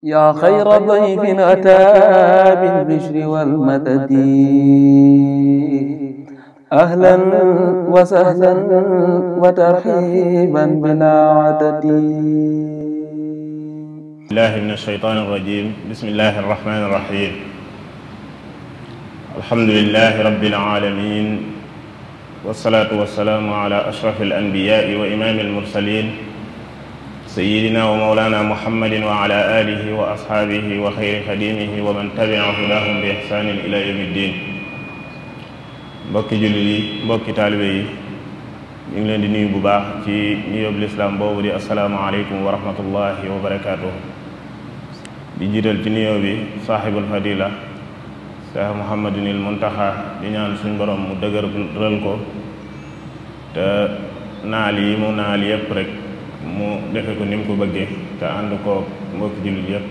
yaa xayra dayfin ataa bil bishri wal madadi ahlan wa sahlan wa tarhiiban bilaa adadi. billahi min ashaytaani rajim bismillahi rahmaani rahim alhamdulilahi rabbil aalamiin wasalaatu wasalaamu ala ashrafil anbiyaai wa imaamil mursaliin sayidina wa maulana muhammadin wa ala alihi wa ashaabihi wa xayri xadimihi wa man tabia hudahum bi ihsanin ila yawmi ddin mbokki jullit yi mbokki taalibe yi ñu ngi leen di nuyu bu baax ci nuyoob lislaam boobu di asalaamualeykum wa rahmatullahi wa barakaatuhu di jiital ci nuyoo bi saaxibul fadila cheikh muhammadinil muntaxa di ñaan suñ borom mu dëgëral ko te naal yi mu naal yépp rek mu defe ko ni mu ko bëggee te ànd koo mbokki jullit yépp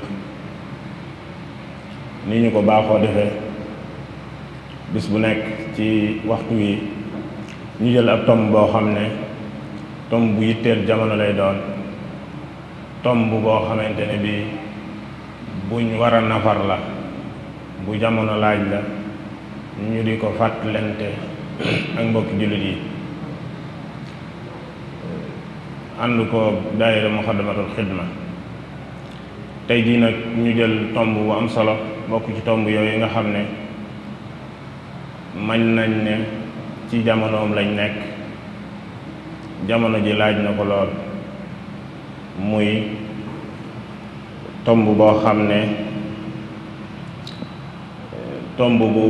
ni ñu ko baaxoo defe bis bu nekk ci waxtu wi ñu jël ab tomb boo xam ne tomb bu yitteel jamono lay doon tomb boo xamante ne bii buñ war a nafar la bu jamono laaj la ñu di ko fàttalante ak mbokki jullit yi ànd ko daayira muxaddamatul xidma tey jii nag ñu jël tomb bu am solo bokk ci tomb yooyu nga xam ne mañ nañ ne ci jamonoom lañ nekk jamono ji laaj na ko lool muy tomb boo xam ne tomb bu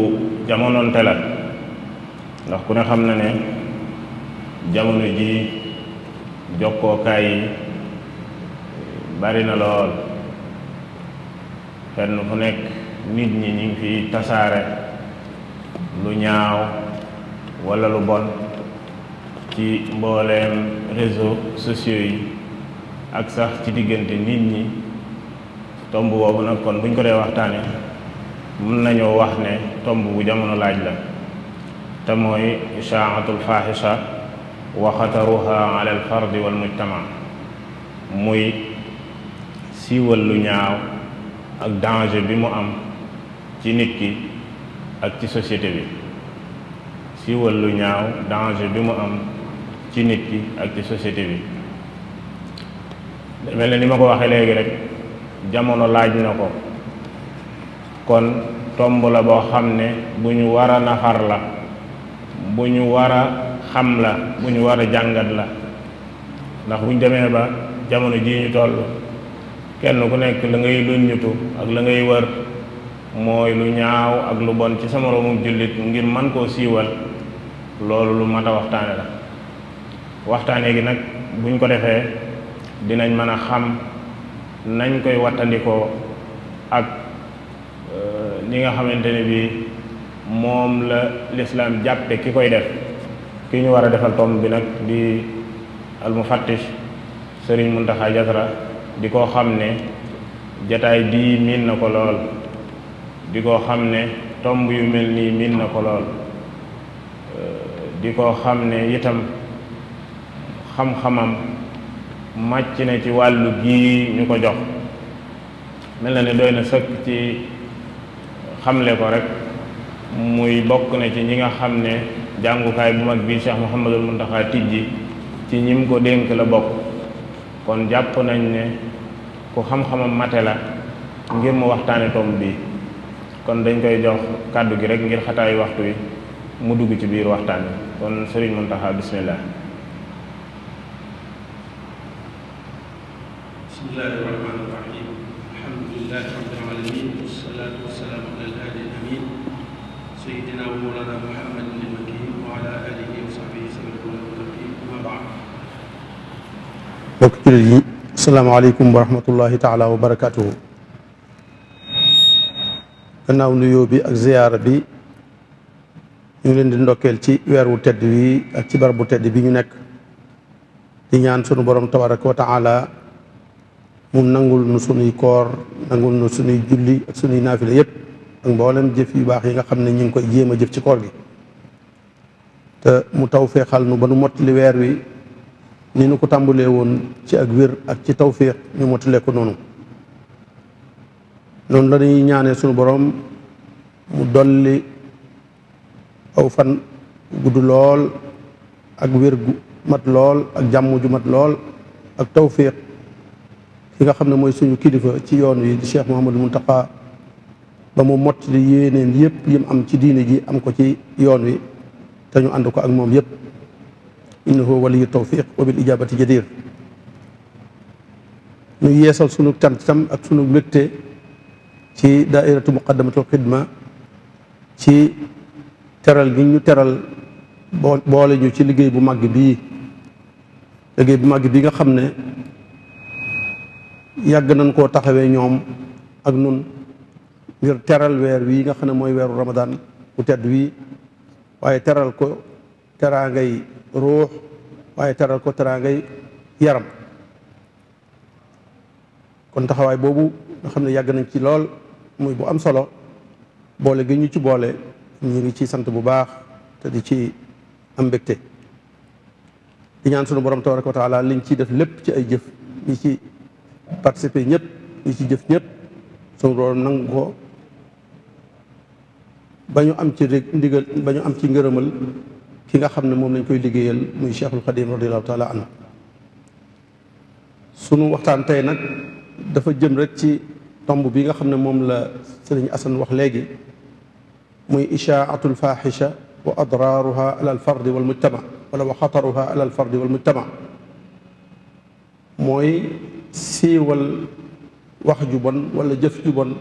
jamonoonte la ndax ku ne xam na ne jamono ji jokkookaay yi bari na lool fenn fu nekk nit ñi ñu ngi fi tasaare lu ñaaw walla lu bon ci mbooleem réseaux sociaux yi ak sax ci diggante nit ñi tomb boobu nag kon buñ ko dee waxtaane mën nañoo wax ne tomb bu jamono laaj la te mooy ishaatul fahisha wa xataruha ala alfardi wal mujtama muy siiwal lu ñaaw ak danger bi mu am ci nit ki ak ci société bi siiwal lu ñaaw danger bi mu am ci nit ki ak ci société bi mel na ni ma ko waxee léegi rek jamono laaj na ko kon tomb la boo xam ne bu ñu war a la bu ñu war xam la bu ñu war a jàngat la ndax bu ñu demee ba jamono ji ñu toll kenn ku nekk la ngay luññutu ak la ngay wër mooy lu ñaaw ak lu bon ci sama moroomum jullit ngir man koo siiwal loolu lu mat a waxtaane la waxtaane gi nag buñ ko defee dinañ mën a xam nañ koy wattandikoo ak euh, li nga xamante ne bii moom la lislaam jàppe ki koy def ki ñu war a defal tomb bi nag di almufattish sëriñ Muntaxa Jasra di ko xam ne jataay bii miin na ko lool di ko xam ne tomb yu mel nii miin na ko lool di ko xam ne itam xam-xamam màcc na ci wàllu gii ñu ko jox mel na ne doy na sëkk ci xamle ko rek muy bokk na ci ñi nga xam ne jàngukaay bu mag bii Cheikh Mouhamadul Mountakha tijji ci ñim ko dénk la bokk kon jàpp nañ ne ku xam-xamam mate la ngir mu waxtaane tomb bi kon dañ koy jox kàddu gi rek ngir xataayu waxtu wi mu dugg ci biir waxtaan wi kon Serigne Mountakha bismillah bismillahi rahmani rahim alhamdulilahi rabbil alamin wasalaatu wasalaamu amin bokk jullit yi salaamaaleykum wa rahmatullahi taala wa barakatuhu gannaaw nuyoo bi ak ziyaara bi ñu ngi leen di ndokkeel ci weer wu tedd wi ak ci barab bu tedd bi ñu nekk di ñaan sunu borom tabaraka wa taala mu nangul nu sunuy koor nangul nu sunuy julli ak sunuy naafila yépp ak mboolem jëf yu baax yi nga xam ne ñu ngi koy jéem a jëf ci koor gi te mu taw feexal nu ba nu mottali weer wi ni nu ko tàmbalee woon ci ak wér ak ci tawféex ñu motale ko noonu noonu la dañuy ñaanee sunu boroom mu dolli aw fan gudd lool ak wér gu mat lool ak jàmm ju mat lool ak tawfiq ki nga xam ne mooy suñu kilifa ci yoon wi di Cheikh Mouhamadou Mountakha ba mu mott di yéeneen yëpp yim am ci diine ji am ko ci yoon wi te ñu ànd ko ak moom yëpp innahu waliyu tawfiq wa bil ijabati jadir ñu yeesal sunu cant tam ak sunu mbégte ci daairatu muqaddamatul xidma ci teral gi ñu teral boole ñu ci liggéey bu màgg bii liggéey bu màgg bi nga xam ne yàgg nañ koo taxawee ñoom ak nun ngir teral weer wii nga xam ne mooy weeru ramadaan bu tedd wii waaye teral ko teraangay ruux waaye teral ko teraangay yaram kon taxawaay boobu nga xam ne yàgg nañ ci lool muy bu am solo boole gi ñu ci boole ñu ngi ci sant bu baax te di ci am mbégte di ñaan sunu borom tabaraka wa taala liñ ciy def lépp ci ay jëf ñi ci participer ñëpp ñi ci jëf ñëpp sunu borom nangu ko ba ñu am ci ndigal ba ñu am ci ngërëmal ki nga xam ne moom lañ koy liggéeyal muy cheikhul xadim radiallahu taala anhu sunu waxtaan tey nag dafa jëm rek ci tomb bi nga xam ne moom la sëriñ Asan wax léegi muy ishaatul faaxisha wa adraaruha ala alfardi wal mujtama wala wa xataruha ala alfardi wal mujtama mooy siiwal wax ju bon wala jëf ju bon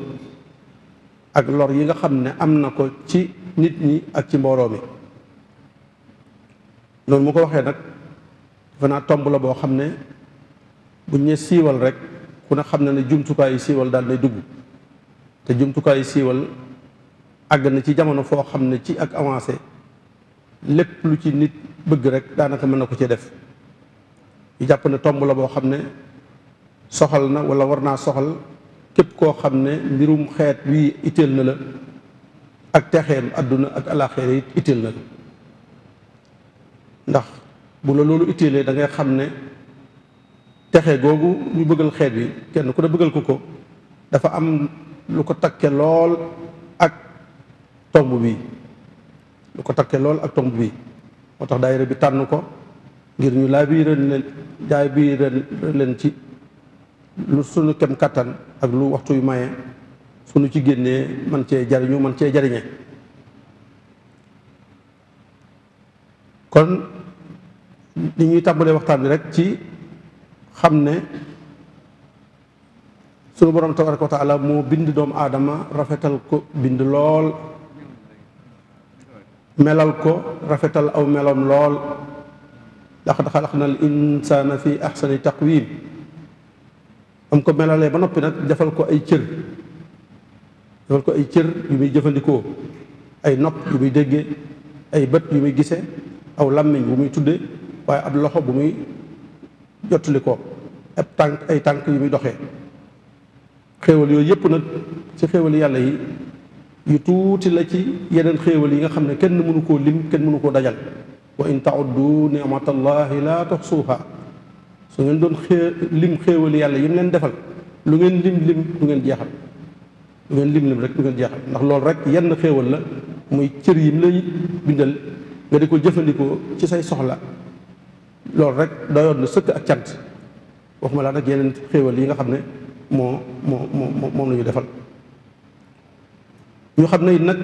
ak lor yi nga xam ne am na ko ci nit ñi ak ci mbooloo mi noonu mu ko waxee nag dafa naa tomb la boo xam ne buñ ne siiwal rek ku ne xam na ne jumtukaay yi siiwal daal nay dugg te jumtukaay yi siiwal àgg na ci jamono foo xam ne ci ak avancé lépp lu ci nit bëgg rek daanaka mën na ko ci def ñu jàpp ne tomb la boo xam ne soxal na walla war naa soxal képp koo xam ne mbirum xeet wii itteel na la ak texeem àdduna ak alaaxira it itteel na la ndax bu la loolu utile da ngay xam ne texe googu ñu bëggal xeet bi kenn ku ne bëggal ko ko dafa am lu ko takke lool ak tomb bi lu ko takke lool ak tomb bi moo tax daayira bi tànn ko ngir ñu laa bii ren leen jaay bii ren leen ci lu suñu kem kàttan ak lu waxtu yu maye suñu ci génnee man cee jariñu man cee jariñe kon li ñuy tàmbalee waxtaan bi rek ci xam ne su borom tabaraka wa moo bind doomu aadama rafetal ko bind lool melal ko rafetal aw meloom lool laqad xalaqna al insaana fi axsani taqwiim am ko melalee ba noppi nag defal ko ay cër defal ko ay cër yu muy jëfandikoo ay nopp yu muy déggee ay bët yu muy gisee aw làmmiñ bu muy tudde waaye ab loxo bu muy jottali ko ab tànk ay tànk yu muy doxee xéewal yooyu yëpp nag ci xéewal yàlla yi yu tuuti la ci yeneen xéewal yi nga xam ne kenn mënu koo lim kenn mënu koo dajal wa in tauddu nicmatallahi la tuxsuha su ngeen doon xée lim xéewal yàlla yi mu leen defal lu ngeen lim lim du ngeen jeexal du ngeen lim lim rek du ngeen jeexal ndax loolu rek yenn xéewal la muy cër yim lay bindal nga di ko jëfandikoo ci say soxla loolu rek doyoon na sëkk ak cant waxumalaa laa nag yeneen xéewal yi nga xam ne moo moo moo moom la defal ñu xam ne it nag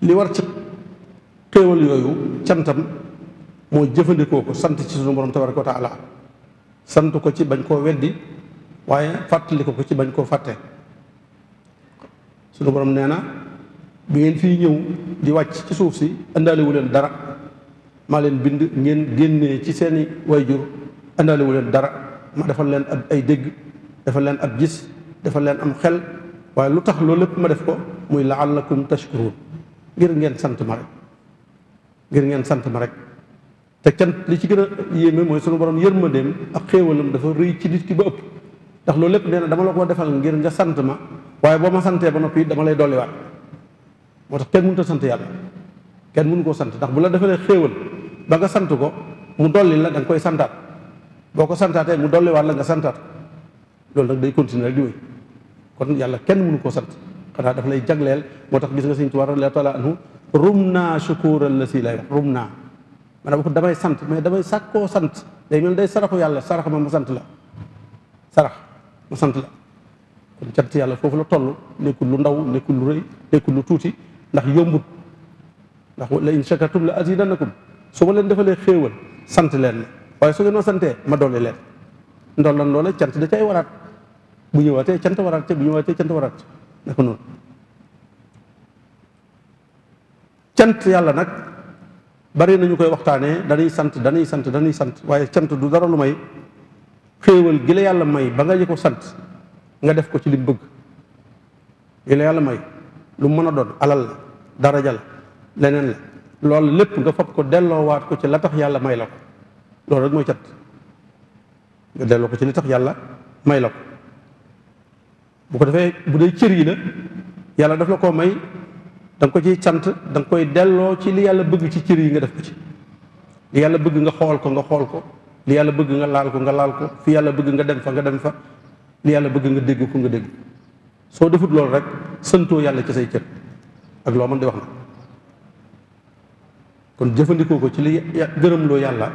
li war ci xéewal yooyu cantam moo jëfandikoo ko sant ci sunu borom tabaraka wa taala sant ko ci bañ koo weddi waaye fàttali ko ci bañ koo fàtte sunu borom nee na bi ngeen fii ñëw di wàcc ci suuf si indaale leen dara maa leen bind ngeen génnee ci seeni wayjur andaale wu leen dara ma defal leen ab ay dégg defal leen ab gis defal leen am xel waaye lu tax loolu lépp ma def ko muy laallakum tashkuruun ngir ngeen sant ma rek ngeen sant ma rek te cant li ci gën a yéeme mooy sunu borom yërmandeem ak xéewalam dafa rëy ci nit ki ba ëpp ndax loolu lépp nee na dama la ko defal ngir nga sant ma waaye boo ma santee ba noppi dama lay dolliwaat moo tax kenn mënut a sant yàlla kenn mënu koo sant ndax bu la defalee xéewal ba nga sant ko mu dolli la da koy santaat boo ko santaatee mu dolli waat la nga santaat loolu nag day continuer rek di wéy kon yàlla kenn mënu koo sant xanaa daf lay jagleel moo tax gis nga sëñ Tuubaa radiyallaahu la anhu rum naa shukuura la si lay wax rum naa maanaam ko damay sant mais damay koo sant day mel day saraxu yàlla sarax ma ma sant la sarax ma sant la kon cant yàlla foofu la toll nekkul lu ndaw nekkul lu rëy lu tuuti ndax yombut ndax la in shakartum la azidannakum su ma leen defalee xéewal sant leen ma waaye su ngeen ma santee ma dolli leen ndollan loola cant da cay waraat bu ñëwaatee cant waraat ca bu ñëwaatee cant waraat ca naka noonu cant yàlla nag bari nañu koy waxtaanee dañuy sant danuy sant dañuy sant waaye cant du dara lu may xéewal gi yàlla may ba nga ji ko sant nga def ko ci li bëgg gi yàlla may lu mën a doon alal la daraja la leneen la loolu lépp nga fab ko delloowaat ko ci la tax yàlla may la ko loolu rek mooy cat nga delloo ko ci li tax yàlla may la ko bu ko defee bu dee cër yi la yàlla daf la ko may danga ko ciy cant danga koy delloo ci li yàlla bëgg ci cër yi nga def ko ci li yàlla bëgg nga xool ko nga xool ko li yàlla bëgg nga laal ko nga laal ko fi yàlla bëgg nga dem fa nga dem fa li yàlla bëgg nga dégg ko nga dégg soo defut loolu rek sëntoo yàlla ci say cër ak loo mën di wax na kon jëfandikoo ko ci li gërëmloo yàlla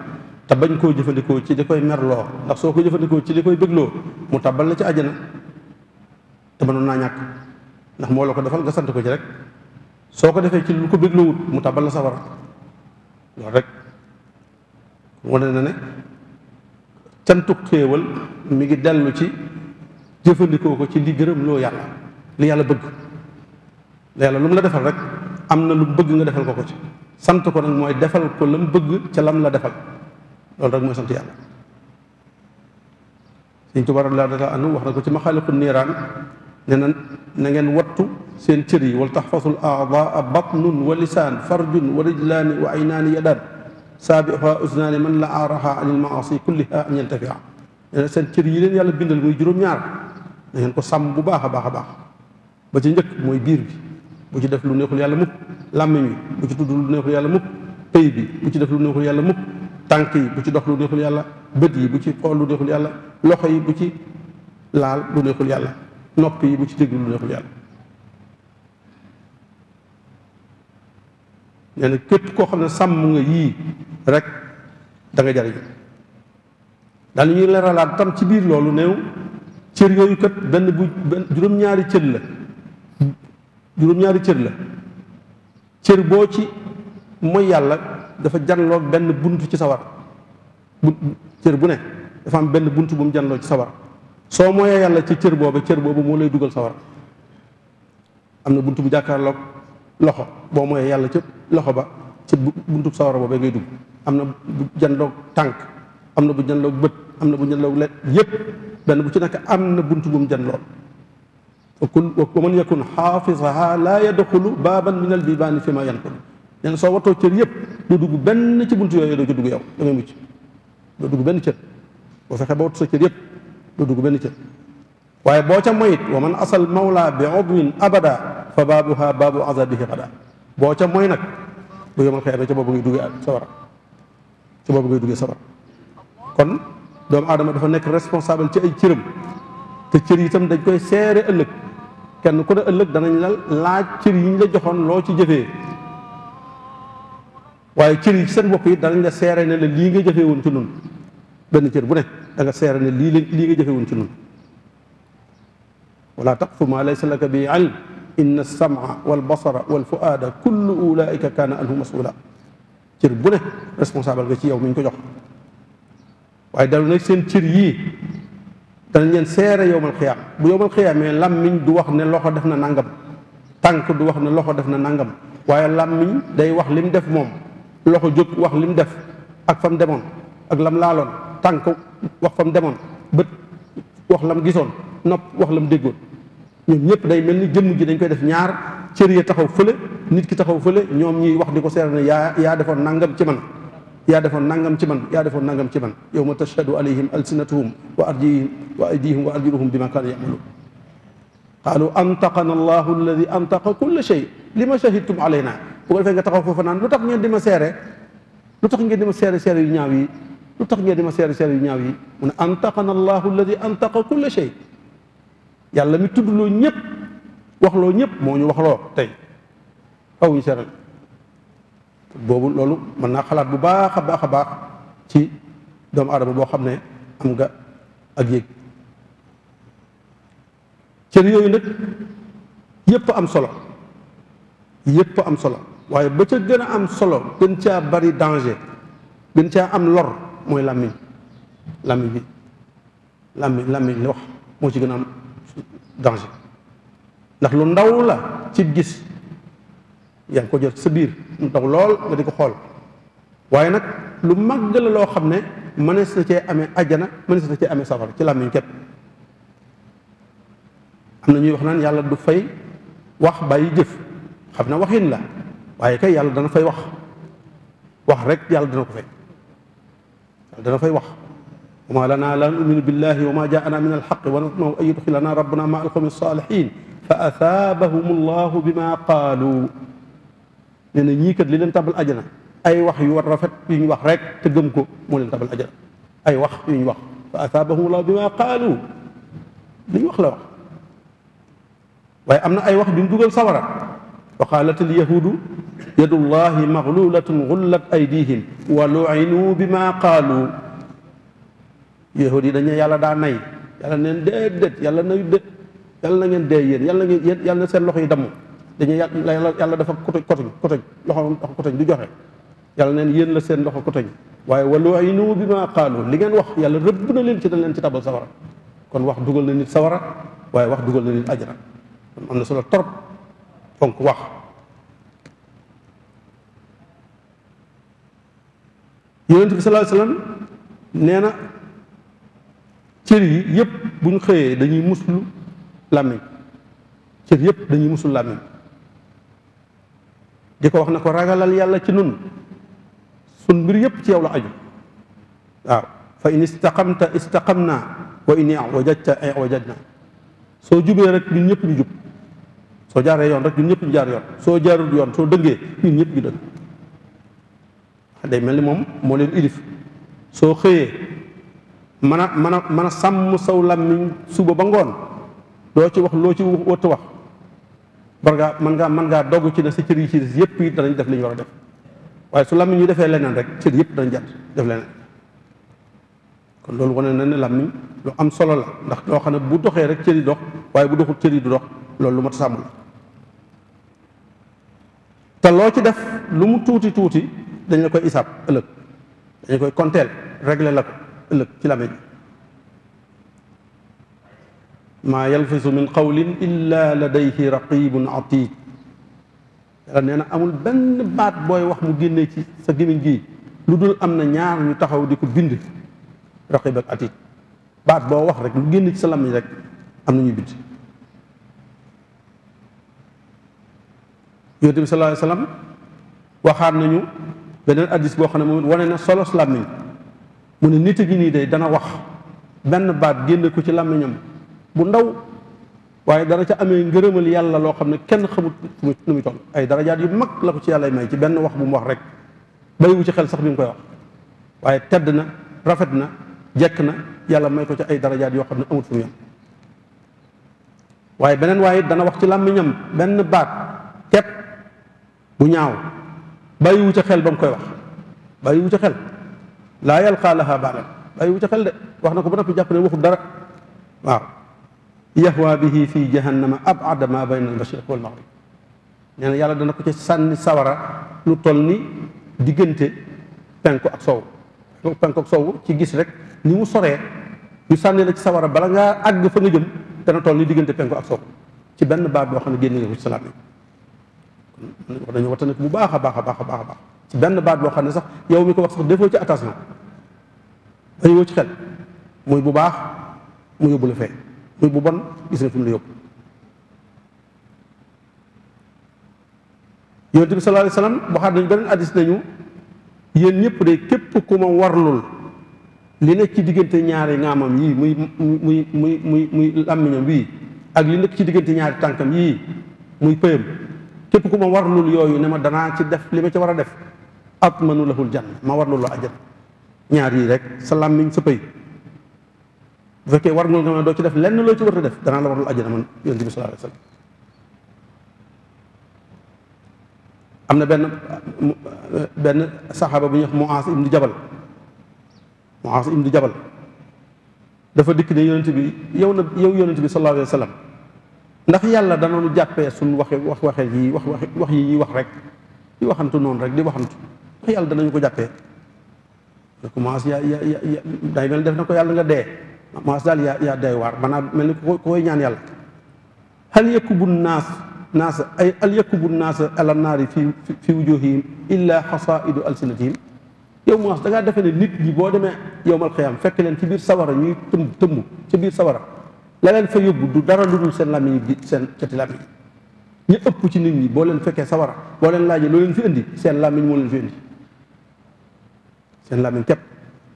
te bañ koo jëfandikoo ci li koy merloo ndax soo ko jëfandikoo ci li koy bégloo mu tàbbal la ci àjjana te mënoon naa ñàkk ndax moo la ko defal nga sant ko ci rek soo ko defee ci lu ko bégloowut mu tàbbal la safara wane na ne cantu xéewal mi ngi dellu ci jëfandikoo ko ci li gërëmloo yàlla li yàlla bëgg la yàlla lu mu la defal rek am na lu mu bëgg nga defal ko ko ci sant ko nag mooy defal ko lam bëgg ca lam la defal loolu rek mooy sant yàlla Sëñ Tuubaa radiyallaahu taala anhu wax na ko ci maxaaliqu niiraan ne na na ngeen wattu seen cër yi wal taxfasul aadaa batnun wa lisaan farjun wa rijlaani wa aynaani yadaan saabiha usnaani man la aaraha anil maasi kulliha an yantafia nee na seen cër yi leen yàlla bindal muy juróom-ñaar na ko sàmm bu baax a baax a baax ba ci njëkk mooy biir bi bu ci def lu neexul yàlla mukk làmmiñ wi bu ci tudd lu neexul yàlla mukk pay bi bu ci def lu neexul yàlla mukk tànk yi bu ci dox lu neexul yàlla bët yi bu ci xool lu neexul yàlla loxo yi bu ci laal lu neexul yàlla nopp yi bu ci déglu lu neexul yàlla nee na koo xam ne sàmm nga yii rek da nga jariñ daal ñuy leralaat tam ci biir loolu néew cër yooyu kat benn bu benn juróom-ñaari cër la juróom-ñaari cër la cër boo ci mooy yàlla dafa janloog benn bunt ci sawar bu cër bu ne dafa am benn bunt bu mu janloo ci sawar soo mooyee yàlla ci cër booba cër boobu moo lay dugal sawar am na bunt bu jàkkaarloog loxo boo mooyee yàlla ci loxo ba ci buntu sawar booba ngay dugg am na bu janloog tànk am na bu janloog bët am na bu janloog le yépp benn bu ci nekk am na bunt bu mu janlool kun wa man yakun xaafisaha laa yadxulu baaban min albibaani fi ma yanqul nee soo watoo cër yëpp doo dugg benn ci bunt yooyu doo ci dugg yow da ngay mucc doo dugg benn cër boo fexe ba sa yëpp doo benn cër waaye boo ca moyit wa man asal mawla bi odwin abada fa baabuha baabu azabihi xada boo ca moy nag bu yomal xeyabe ca boobu ngay duggee sawara ca boobu ngay duggee sawara kon doomu aadama dafa nekk responsable ci ay cëram te cër tam dañ koy seere ëllëg kenn ku ne ëllëg danañ la laaj cër yi ñu la joxoon loo ci jëfee waaye cër seen bopp yi danañ la seere na la lii nga jëfee woon ci nun benn cër bu ne da nga seere ne lii lii nga jëfee woon ci nun wala taqfu ma laysa laka bi ilm inna alsamaa walbasara walfuaada kullu ulaika kaana anhu masula cër bu ne responsable nga ci yow mi ñu ko jox waaye dalu seen cër danañ leen seere yowmal xiyaam bu yowmal xiyaamee làmmiñ du wax ne loxo def na nangam tànk du wax ne loxo def na nangam waaye làmmiñ day wax lim def moom loxo jóg wax lim def ak fam demoon ak lam laaloon tànk wax fam demoon bët wax lam gisoon nopp wax lam déggoon ñoom ñëpp day mel ni jëmm ji dañ koy def ñaar cër ya taxaw fële nit ki taxaw fële ñoom ñuy wax di ko seere ne yaa yaa defoon nangam ci man yaa defoon nangam ci man yaa defoon nangam ci man yawma tashhadu alayhim alsinatuhum wa arjihim wa aydihim wa arjuluhum bima kaanu yamaluun qaalu antaqana allahu alladi antaqa kulla shay li ma shahidtum alayna bu ko defee nga taxaw foofa naan lu tax ngeen di ma seere lu tax ngeen di ma seere seere yu ñaaw yi lu tax ngeen di ma seere seere yu ñaaw yi mu ne antaqana allahu alladi antaqa kulla shay yàlla mi tuddloo ñëpp waxloo ñëpp moo ñu waxloo tey aw ñu seeral boobu loolu mën naa xalaat bu baax a baax a baax ci doomu aadama boo xam ne am nga ak yéeg cër yooyu nag yépp am solo yépp am solo waaye ba ca gën a am solo gën caa bari danger gën caa am lor mooy làmmiñ làmmiñ bi làmmiñ làmmiñ li wax moo ci gën a am danger ndax lu ndaw la ci gis yaa ngi ko jot sa biir mu lool nga di ko xool waaye nag lu màgg la loo xam ne mënees na cee amee ajjana mënees na cee amee safara ci làmmiñ képp am na ñuy wax naan yàlla du fay wax bay jëf xam na waxin la waaye kay yàlla dana fay wax wax rek yàlla dana ko fay wax wa ma lana la numinu billahi wa ma jaana min alxaq wa ma alqawmi salihin fa athaabahum allahu bima qaalu nee na ñii kat li leen tabal ajana ay wax yu war rafet yu ñu wax rek te gëm ko moo leen tabal ajana ay wax yu ñu wax fa asaabahum laahu bimaa qaalu li ñu wax la wax waaye am na ay wax ju ñu dugal sawara wa qaalat al yahuudu yadullahi maglulatun gullat aydihim wa lu'inu bimaa qaalu yahuud yi dañu yàlla daa nay yàlla neen déet déet yàlla na déet yàlla na ngeen dee yéen yàlla na ngeen yàlla na seen loxo yi damm dañuy yàlla yàlla dafa kotoñ kotoñ kotoñ loxo dafa kotoñ du joxe yàlla neen yéen la seen loxo kotoñ waaye walu ay nuu bi ma qaalu li ngeen wax yàlla rëbb na leen ci dañ leen ci tabal sawara kon wax dugal na nit sawara waaye wax dugal na nit ajra am na solo torop fonk wax yonent bi nee na cër yi yëpp bu ñu xëyee dañuy muslu làmmiñ cër yëpp dañuy muslu làmmiñ di ko wax na ko ragalal yàlla ci nun sun mbir yépp ci yow la aju waaw fa in istaqamta istaqamna wa in i'wajajta i'wajajna soo jubee rek ñun ñëpp ñu jub soo jaaree yoon rek ñun ñëpp ñu jaar yoon soo jaarul yoon soo dëngee ñun ñëpp ñu dëng day mel ni moom moo leen ilif soo xëyee mën a mën a mën a sàmm saw làmmiñ suba ba ngoon doo ci wax loo ci wax bar ngaa mën ngaa mën ngaa dogg ci ne sa cër yi ci yëpp yi danañ def li ñu war a def waaye su làmmiñ ñu defee leneen rek cër yëpp danañ jàpp def leneen kon loolu wane na ne làmmiñ lu am solo la ndax loo xam ne bu doxee rek cër yi dox waaye bu doxul cër yi du dox loolu lu mat sàmm la te loo ci def lu mu tuuti tuuti dañu la koy isaab ëllëg dañ koy konteel régler la ko ëllëg ci làmmiñ maa yalfisu min qawlin illa ladayhi raqibun atid yàlla nee na amul benn baat booy wax mu génnee ci sa gémmiñ gi lu dul am na ñaar ñu taxaw di ko bind raqib ak baat boo wax rek lu génn ci sa làmmiñ rek am na ñu bind yonent bi sallallahu alayhi wasallam waxaat nañu beneen addis boo xam ne moom wane na solos làmmiñ mu ne nit a gi nii day dana wax benn baat génn ko ci làmmiñam bu ndaw waaye dana ca amee ngërëmal yàlla loo xam ne kenn xamut nu muy toll ay darajaat yu mag la ko ci yàlla may ci benn wax bu mu wax rek bàyyiwu ci xel sax bi mu koy wax waaye tedd na rafet na jekk na yàlla may ko ci ay darajaat yoo xam ne amut fu mu yem waaye beneen waaye dana wax ci làmmiñam benn baat kepp bu ñaaw bàyyiwu ca xel ba mu koy wax bàyyiwu ca xel laa yàlla xaalaxaa baalam bàyyiwu ca xel de wax na ko ba noppi jàpp ne waxut dara waaw yahwa bihi fii jahannama abada ma bayna al-mashriq wal maghrib nee na yàlla dana ko ci sànni sawara lu toll ni diggante penku ak sow penku ak sow ci gis rek ni mu soree ñu sànnee la ci sawara bala ngaa àgg fa nga jëm dana toll ni diggante penku ak sow ci benn baat boo xam ne génne nga ko ci salaat yi war nañu wattandiku bu baax a baax a baax a baax ci benn baat boo xam ne sax yow mi ko wax sax defoo ci attention bàyyiwoo ci xel muy bu baax mu yóbbu muy bu bon gis nga fi mu la yóbbu yonent bi sallallahu alayhi wasallam waxaat nañu beneen addis nañu yéen ñëpp de képp ku ma warlul li nekk ci diggante ñaari ngaamam yii muy muy muy muy muy làmmiñam bii ak li nekk ci diggante ñaari tànkam yii muy pëyam képp ku ma warlul yooyu ne ma danaa ci def li ma ci war a def at manu lahul jann ma warlul la ajjan ñaar yii rek sa làmmiñ sa pëy bu fekkee war nga nga doo ci def lenn loo ci war a def danaa la warul àjjana man yonent bi sallallahu alayhi wasallam am na benn benn saxaaba bu ñuy wax Muaas ibnu Jabal Muaas ibnu Jabal dafa dikk ne yonent bi yow na yow yonent bi sallallahu alayhi wasallam ndax yàlla danoonu jàppee suñ waxe wax waxe yi wax wax wax yi ñuy wax rek di waxantu noonu rek di waxantu ndax yàlla danañu ko jàppee da commence ya ya ya day mel def na ko yàlla nga dee maas daal yaa yaa doy waar maanaam mel ni ku koy ñaan yàlla hal yakubu naas naasa ay hal yakubu naasa ala naari fi fi wujuhihim illa xasaidu alsinatihim yow maas da ngaa defe ne nit ñi boo demee yowmal xiyaam fekk leen ci biir sawara ñuy tëmb tëmb ci biir sawara la leen fa yóbbu du dara lu dul seen làmmiñ bi seen cati làmmiñ ñu ëpp ci nit ñi boo leen fekkee sawara boo leen laajee loo leen fi indi seen làmmiñ moo leen fi indi seen làmmiñ képp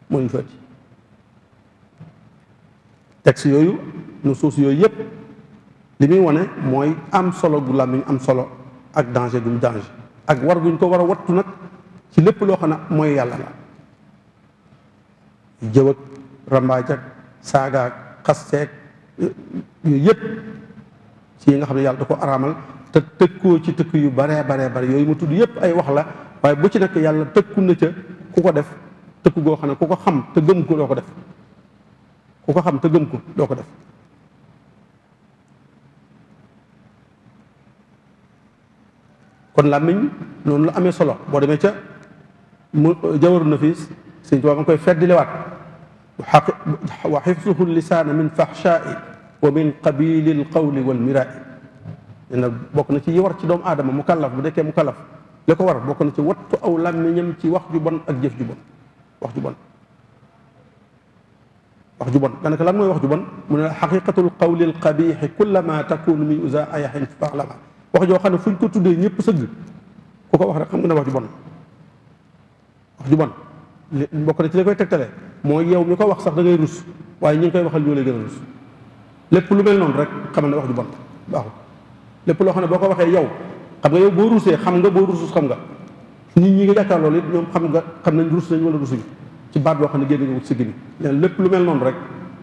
moo leen fi indi texte yooyu nu suus yooyu yépp li muy wane mooy am solo gu làmmiñ am solo ak danger gu mu danger ak war guñ ko war a wattu nag ci lépp loo xam ne mooy yàlla la jëw ak rambaaj ak xasteeg yépp ci yi nga xam ne yàlla da ko araamal te tëkkoo ci tëkk yu baree baree bare yooyu mu tudd yépp ay wax la waaye bu ci nekk yàlla tëkku na ca ku ko def tëkku goo xam ne ku ko xam te gëm ko loo ko def ku ko xam te gëm ko doo ko def kon làmmiñ noonu la amee solo boo demee ca mu jawaru nafiis sëñ Tuubaa nga koy feddliwaat wa xifsuhu lisaana min faxshaai wa min qabili alqawli walmiraai nee na bokk na ci yi war ci doomu aadama mu kallaf bu dekkee mu kallaf li ko war bokk na ci wattu aw làmmiñam ci wax ju bon ak jëf ju bon wax ju bon wax ju bon daanaka lan mooy wax ju bon mu ne la xaqiqatul qawli al qabiixi kullama takunu min usa ayahin la wax joo xam ne fu ñu ko tuddee ñëpp sëgg ku ko wax rek xam nga ne wax ju bon wax ju bon bokk na ci la koy tegtale mooy yow mi ko wax sax da ngay rus waaye ñu ngi koy waxal ñoo lay gën a rus lépp lu mel noonu rek xamal ne wax ju bon baaxul lépp loo xam ne boo ko waxee yow xam nga yow boo rusee xam nga boo rusus xam nga nit ñi nga jàkkaar loolu ñoom xam nga xam nañ rus nañ wala rusuñu ci baat boo xam ne génn nga wut sigg ni lépp lu mel noonu rek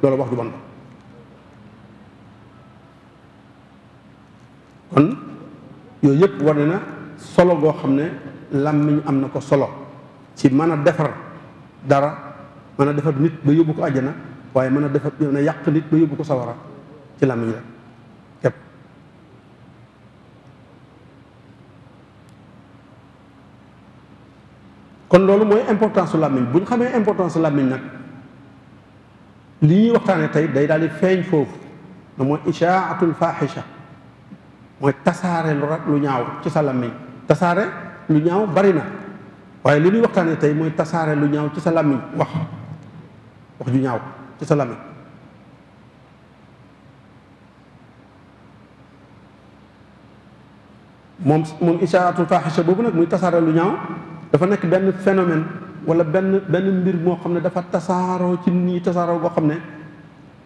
loolu wax ju bon kon yooyu yëpp wane na solo goo xam ne làmmiñ am na ko solo ci mën a defar dara mën a defar nit ba yóbbu ko àjjana waaye mën a defar mën a yàq nit ba yóbbu ko sawara ci làmmiñ la kon loolu mooy importance su làmmiñ bu ñu xamee importance su làmmiñ nag li ñuy waxtaane tey day daal di feeñ foofu da mooy ishaatul faaxisha mooy tasaare lu rat lu ñaaw ci sa làmmiñ tasaare lu ñaaw bari na waaye li ñuy waxtaane tey mooy tasaare lu ñaaw ci sa làmmiñ wax wax ju ñaaw ci sa làmmiñ moom moom ishaatul faaxisha boobu nag muy tasaare lu ñaaw dafa nekk benn phénomène wala benn benn mbir moo xam ne dafa tasaaroo ci nii tasaaroo goo xam ne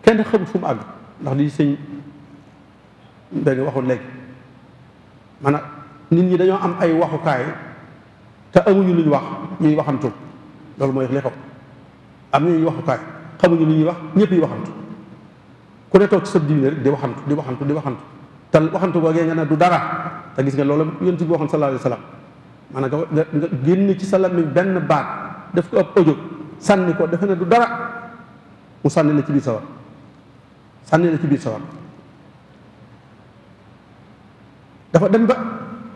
kenn xamul fu mu àgg ndax li sëñ dañu waxul léegi maanaam nit ñi dañoo am ay waxukaay te amuñu lu ñu wax ñuy waxantu loolu mooy li xew am nañu waxukaay xamuñu lu ñuy wax ñëpp yi waxantu ku ne toog ci sa diine rek di waxantu di waxantu di waxantu te waxantu boogee nga ne du dara te gis nga loolu yonent bi waxoon sallallahu alayhi wa sallam maanaam nga nga génn ci sa làmmiñ benn baat def ko ab audio sànni ko defe ne du dara mu sànni la ci biir sawar sànni la ci biir sawar dafa dem ba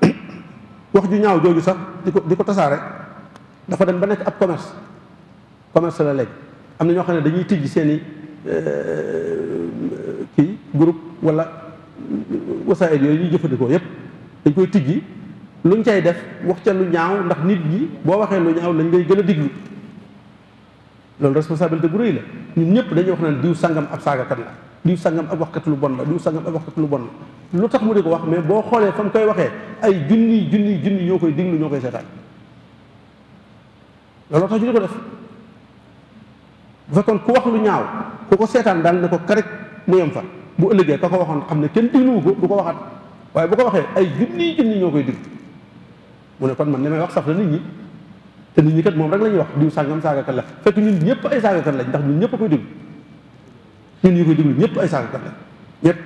wax ju ñaaw jooju sax di ko di ko tasaare dafa dem ba nekk ab commerce commerce la léegi am na ñoo xam ne dañuy tijji seeni euh, kii groupe wala euh, wasaayil yooyu ñuy jëfandikoo yépp dañ koy tijji luñ cay def wax ca lu ñaaw ndax nit ñi boo waxee lu ñaaw lañ ngay gën a diglu loolu responsabilité bu rëy la ñun ñëpp dañuy wax naan sangam ab saagakat la diw sangam ab waxkat lu bon la diw sangam ab waxkat lu bon lu tax mu di ko wax mais boo xoolee fa koy waxee ay junni junni junni ñoo koy diglu ñoo koy seetaan looloo tax ñu ko def bu fekkoon ku wax lu ñaaw ku ko seetaan daal ne ko karek mu yem fa bu ëllëgee ka ko waxoon xam ne kenn digluwu ko du ko waxaat waaye bu ko waxee ay junni junni ñoo koy diglu mu ne kon man li may wax saf la nit ñi te nit ñi kat moom rek la ñuy wax diw sàngam saagakat la fekk ñun ñëpp ay saagakat lañ ndax ñun ñëpp a koy déglu ñun ñu koy déglu ñëpp ay saagakat lañ ñëpp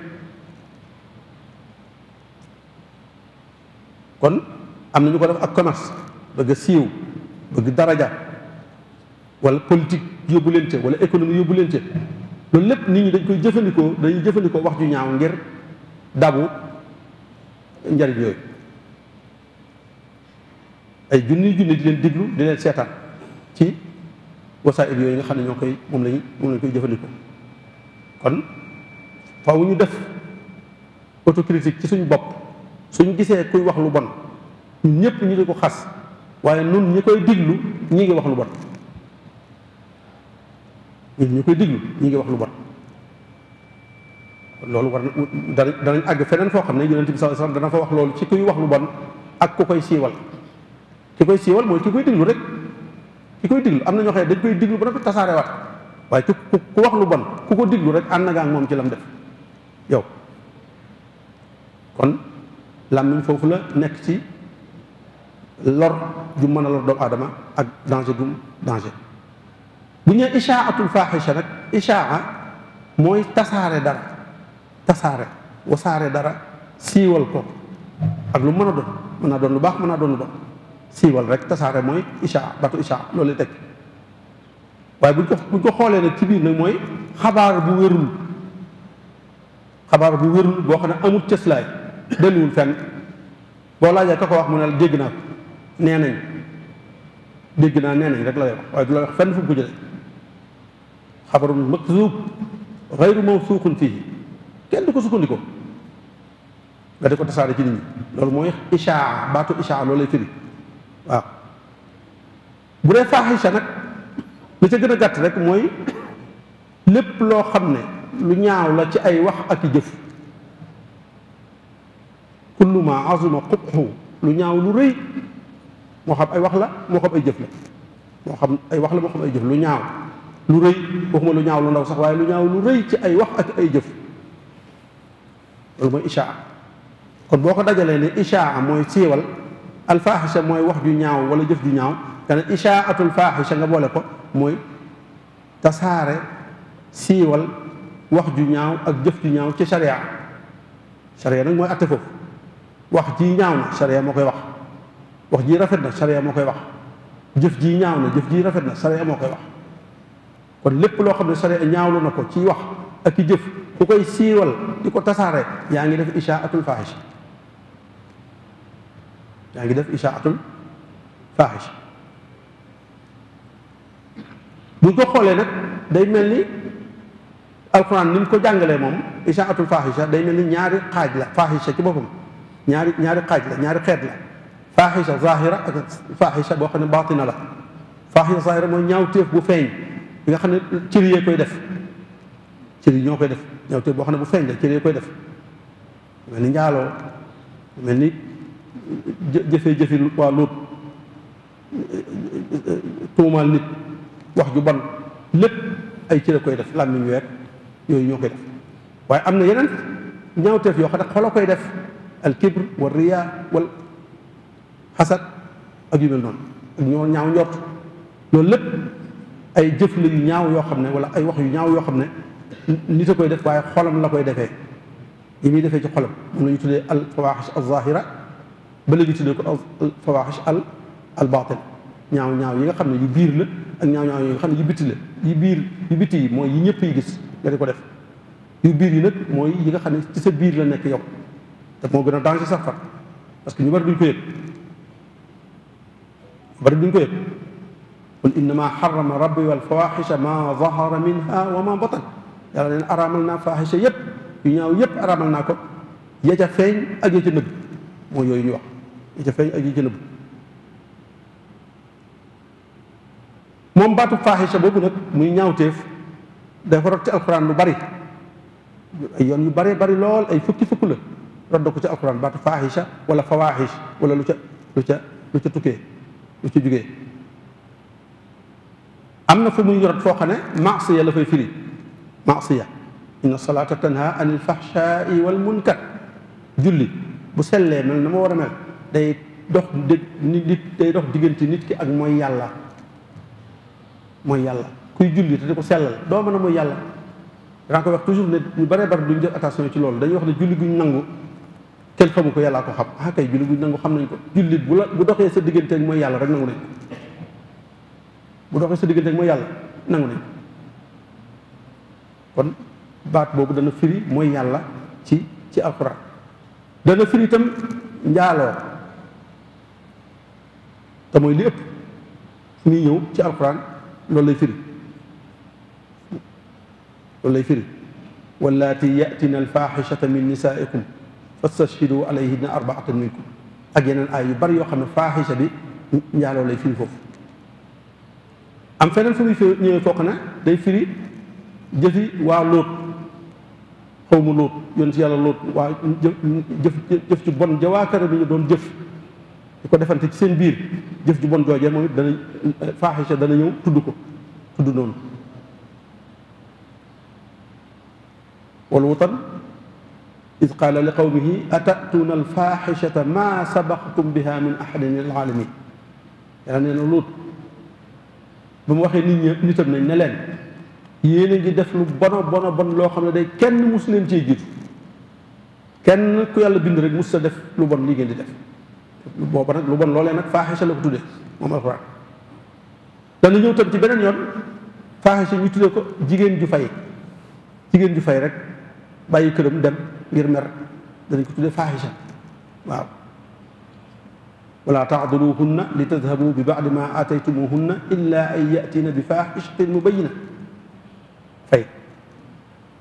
kon am na ñu ko def ak commerce bëgg a siiw bëgg daraja wala politique yóbbu leen ci wala economie yóbbu leen ci loolu lépp nit ñi dañ koy jëfandikoo dañuy jëfandikoo wax ju ñaaw ngir daggu njariñ yooyu ay junni junni di leen diglu di leen seetaan ci wasaayil yooyu nga xam ne ñoo koy moom lañ moom lañ koy jëfandikoo kon faaw ñu def autocritique ci suñu bopp suñ gisee kuy wax lu bon ñun ñëpp ñu di ko xas waaye nun ñi koy diglu ñi ngi wax lu bon ñun koy diglu ñi ngi wax lu bon loolu war na danañ àgg feneen foo xam ne yonent bi sallallahu dana fa wax loolu ci kuy wax lu bon ak ku koy siiwal ki koy siiwal mooy ki koy diglu rek ki koy diglu am na ñoo xam dañ koy diglu ba noppi tasaare waat waaye ku ku wax lu bon ku ko diglu rek ànd na ngaa moom ci lam def yow kon làmmiñ foofu la nekk ci lor ju mën a lor doomu aadama ak danger du danger bu ñëwee ishaatul faaxisha nag ishaa mooy tasaare dara tasaare wasaare dara siiwal ko ak lu man a doon mën naa doon lu baax mën naa doon lu bon siiwal rek tasaare mooy isha batu isha loolu lay teg waaye buñ ko buñ ko xoolee nag ci biir nag mooy xabaar bu wérul xabaar bu wérul boo xam ne amul cëslaay delluwul fenn boo laajee ka ko wax mu ne dégg naa ko nee nañ dégg naa nee nañ rek la lay wax waaye du la wax fenn fu mu ko jëlee xabarun makzuub xayru mawsuuqun fii kenn du ko sukkandiku nga di ko tasaare ci nit ñi loolu mooy isha baatu isha loolu lay firi waaw bu dee faaxisha nag li ca gën a gàtt rek mooy lépp loo xam ne lu ñaaw la ci ay wax ak i jëf kullu ma azuma qubhu lu ñaaw lu rëy moo xam ay wax la moo xam ay jëf la moo xam ay wax la moo xam ay jëf lu ñaaw lu rëy waxuma lu ñaaw lu ndaw sax waaye lu ñaaw lu rëy ci ay wax ak ay jëf loolu mooy ishaa kon boo ko dajalee ne ishaa mooy siiwal alfaaxisha mooy wax ju ñaaw wala jëf ju ñaaw nga ne ishaatul faaxisha nga boole ko mooy tasaare siiwal wax ju ñaaw ak jëf ju ñaaw ci sharia sharia nag mooy atte foofu wax ji ñaaw na sharia moo koy wax wax ji rafet na sharia moo koy wax jëf jii ñaaw na jëf jii rafet na sharia moo koy wax kon lépp loo xam ne sharia ñaawlu na ko ci wax ak i jëf ku koy siiwal di ko tasaare yaa ngi def ishaatul faaxisha yaa ngi def ishaatul faaxisha buñ ko xoolee nag day mel ni alxuraan ni mu ko jàngalee moom ishaatul faaxisha day mel ni ñaari xaaj la faaxisha ci boppam ñaari ñaari xaaj la ñaari xeet la faaxisha zahira ak faaxisha boo xam ne baatina la faaxisha zahira mooy ñaaw téef bu feeñ bi nga xam ne cër yee koy def cër yi ñoo koy def ñaaw téef boo xam ne bu feeñ la cër yee koy def mel ni njaaloo mel ni jëfee jëfi waa Luut tuumaal nit wax ju ban lépp ay cëre koy def làmmiñ week yooyu ñoo koy def waaye am na yeneen ñaawteef yoo xam ne xol a koy def al kibr wal riya wal ak yu mel noonu ak loolu lépp ay jëf la yu ñaaw yoo xam ne wala ay wax yu ñaaw yoo xam ne nit a koy def waaye xolam la koy defee yi muy defee ci xolam moom nañu ñu tuddee al fawaaxis al zahira ba léegi tuddee ko fawaaxish al al baatil ñaaw ñaaw yi nga xam ne yu biir la ak ñaaw ñaaw yi nga xam yu la yu biir yu bitti yi mooy yi ñëpp yi gis nga di ko def yu biir yi nag mooy yi nga xam ne ci sa biir la nekk yow te moo gën a danger sax far parce que ñu bari duñ ko yëg bari duñ ko yëg qul innama xarama rabbi wal fawaxisha ma zahara minha wa ma batan yàlla neen araamal naa fawaxisha yépp yu ñaaw yépp araamal naa ko ya feeñ ak ya nëbb mooy yooyu ñu wax yi ca feeñ ak yi ca nëbb moom baatu faaxisa boobu nag muy ñaawteef dafa rot ci alxuraan lu bari yoon yu bare bari lool ay fukki fukk la rot ko ci alxuraan baatu faaxisa wala fawaaxis wala lu ca lu ca lu ca tukkee lu ca jugee am na fa muy rot foo xam ne maasiya la fay firi maasiya inna salaata tanha anil fahshaai wal julli bu sellee mel na ma war a mel day dox nit day dox diggante nit ki ak mooy yàlla mooy yàlla kuy julli te di ko sellal doo mën a mooy yàlla danaa ko wax ne ñu baree bari duñ def attention ci loolu dañuy wax ne julli guñ nangu kenn xamu ko yàllaa ko xam ah kay julli guñ nangu xam nañ ko jullit bu la bu doxee sa diggante ak mooy yàlla nangu nañ bu doxee sa diggante ak yàlla nangu nañ kon baat boobu dana firi mooy yàlla ci ci alxuraan dana firi itam njaaloo te mooy li ëpp fu muy ñëw ci alquran loolu lay firi loolu lay firi wallaati yatina alfaxishata min nisaikum fastashhidu alayhinna arbaatan minkum ak yeneen yu bari yoo xam ne faaxisha bi njaaloo lay firi foofu am feneen fu muy fi ñëwee fokk na day firi jëfi waa lóot xawmu lóot yoon si yàlla lóot waa jëf jëf ci bon ja waa ñu doon jëf di ko defante ci seen biir jëf ju bon joojee moom it dana faaxisha dana ñëw tudd ko tudd noonu wal wutan id qaala li qawmihi atatuuna alfaaxishata ma sabaqtum biha min ahadin lil alamin yàlla na luut ba mu waxee nit ñi nitam nañ ne leen yéen a def lu bona bona loo xam ne day kenn mus leen cee jiitu kenn ku yàlla bind rek mus def lu bon lii ngeen di def booba nag lu bon loolee nag faaxisa la ko tuddee moom alxuraan dana ñëw tam ci beneen yoon faaxisa ñu jigéen ju fay jigéen ju fay rek bàyyi këram dem ngir mer danañ ko tuddee faaxisa waaw wala taaduluhunna li tadhabu bi baadi ma aataytumuhunna illa an yatina bi faaxisatin mubayina fay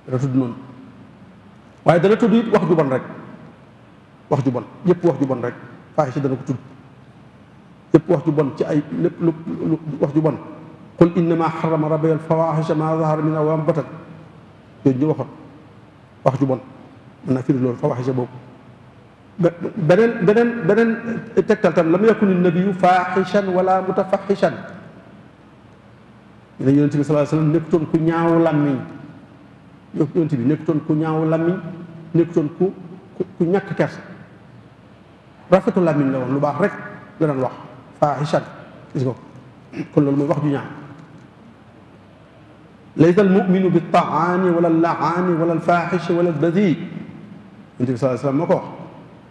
dana tudd noonu waaye dana tudd it wax ju bon rek wax ju bon yépp wax ju bon rek faaxisa dana ko tudd lépp wax ju bon ci ay lépp lu wax ju bon qul innama xarama rabbiyal fawaaxisa ma zahara minha wa ma batan yooyu ñu waxoon wax ju bon mën naa firi loolu fawaaxisa boobu beneen beneen beneen tegtal tam lam yakun nabiyu faaxishan wala mutafaxishan ñu ne yonent bi sallallahu alayhi wasallam nekkutoon ku ñaaw làmmiñ yonent bi nekkutoon ku ñaaw làmmiñ nekkutoon ku ku ñàkk kersa rafetu làmmiñ la woon lu baax rek la doon wax faahishan gis nga kon loolu mooy wax ju ñaaw laysa almuminu bi taani wala laani wala alfaaxish wala albadi yonent bi sallallahu alayhi wasallam moo ko wax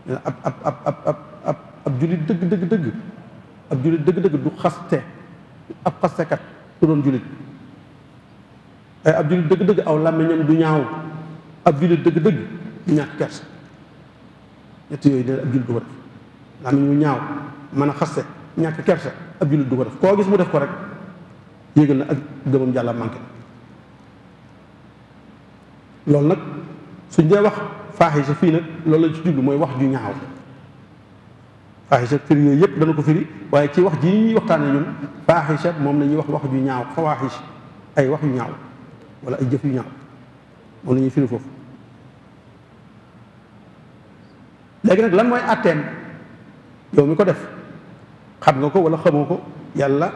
nee na ab ab ab ab ab ab ab julit dëgg dëgg dëgg ab julit dëgg dëgg du xaste ab xastekat du doon julit ay ab julit dëgg dëgg aw làmmiñam du ñaaw ab julit dëgg dëgg du ñàkk kersa ñett yooyu de ab julit du ko def làmmiñ mu ñaaw mën a xaste ñàkk kersa ab jullit du ko def koo gis mu def ko rek yéegal na ak gëmam jàlla manqué loolu nag suñ dee wax faaxisa fii nag loolu lañ ci jublu mooy wax ju ñaaw faaxisa firi yooyu yëpp dana ko firi waaye ci wax ji ñuy waxtaanee ñun faaxisa moom la ñuy wax wax ju ñaaw fawaaxis ay wax yu ñaaw wala ay jëf yu ñaaw moom la firi foofu léegi nag lan mooy atteem yow mi ko def xam nga ko wala xamoo ko yàlla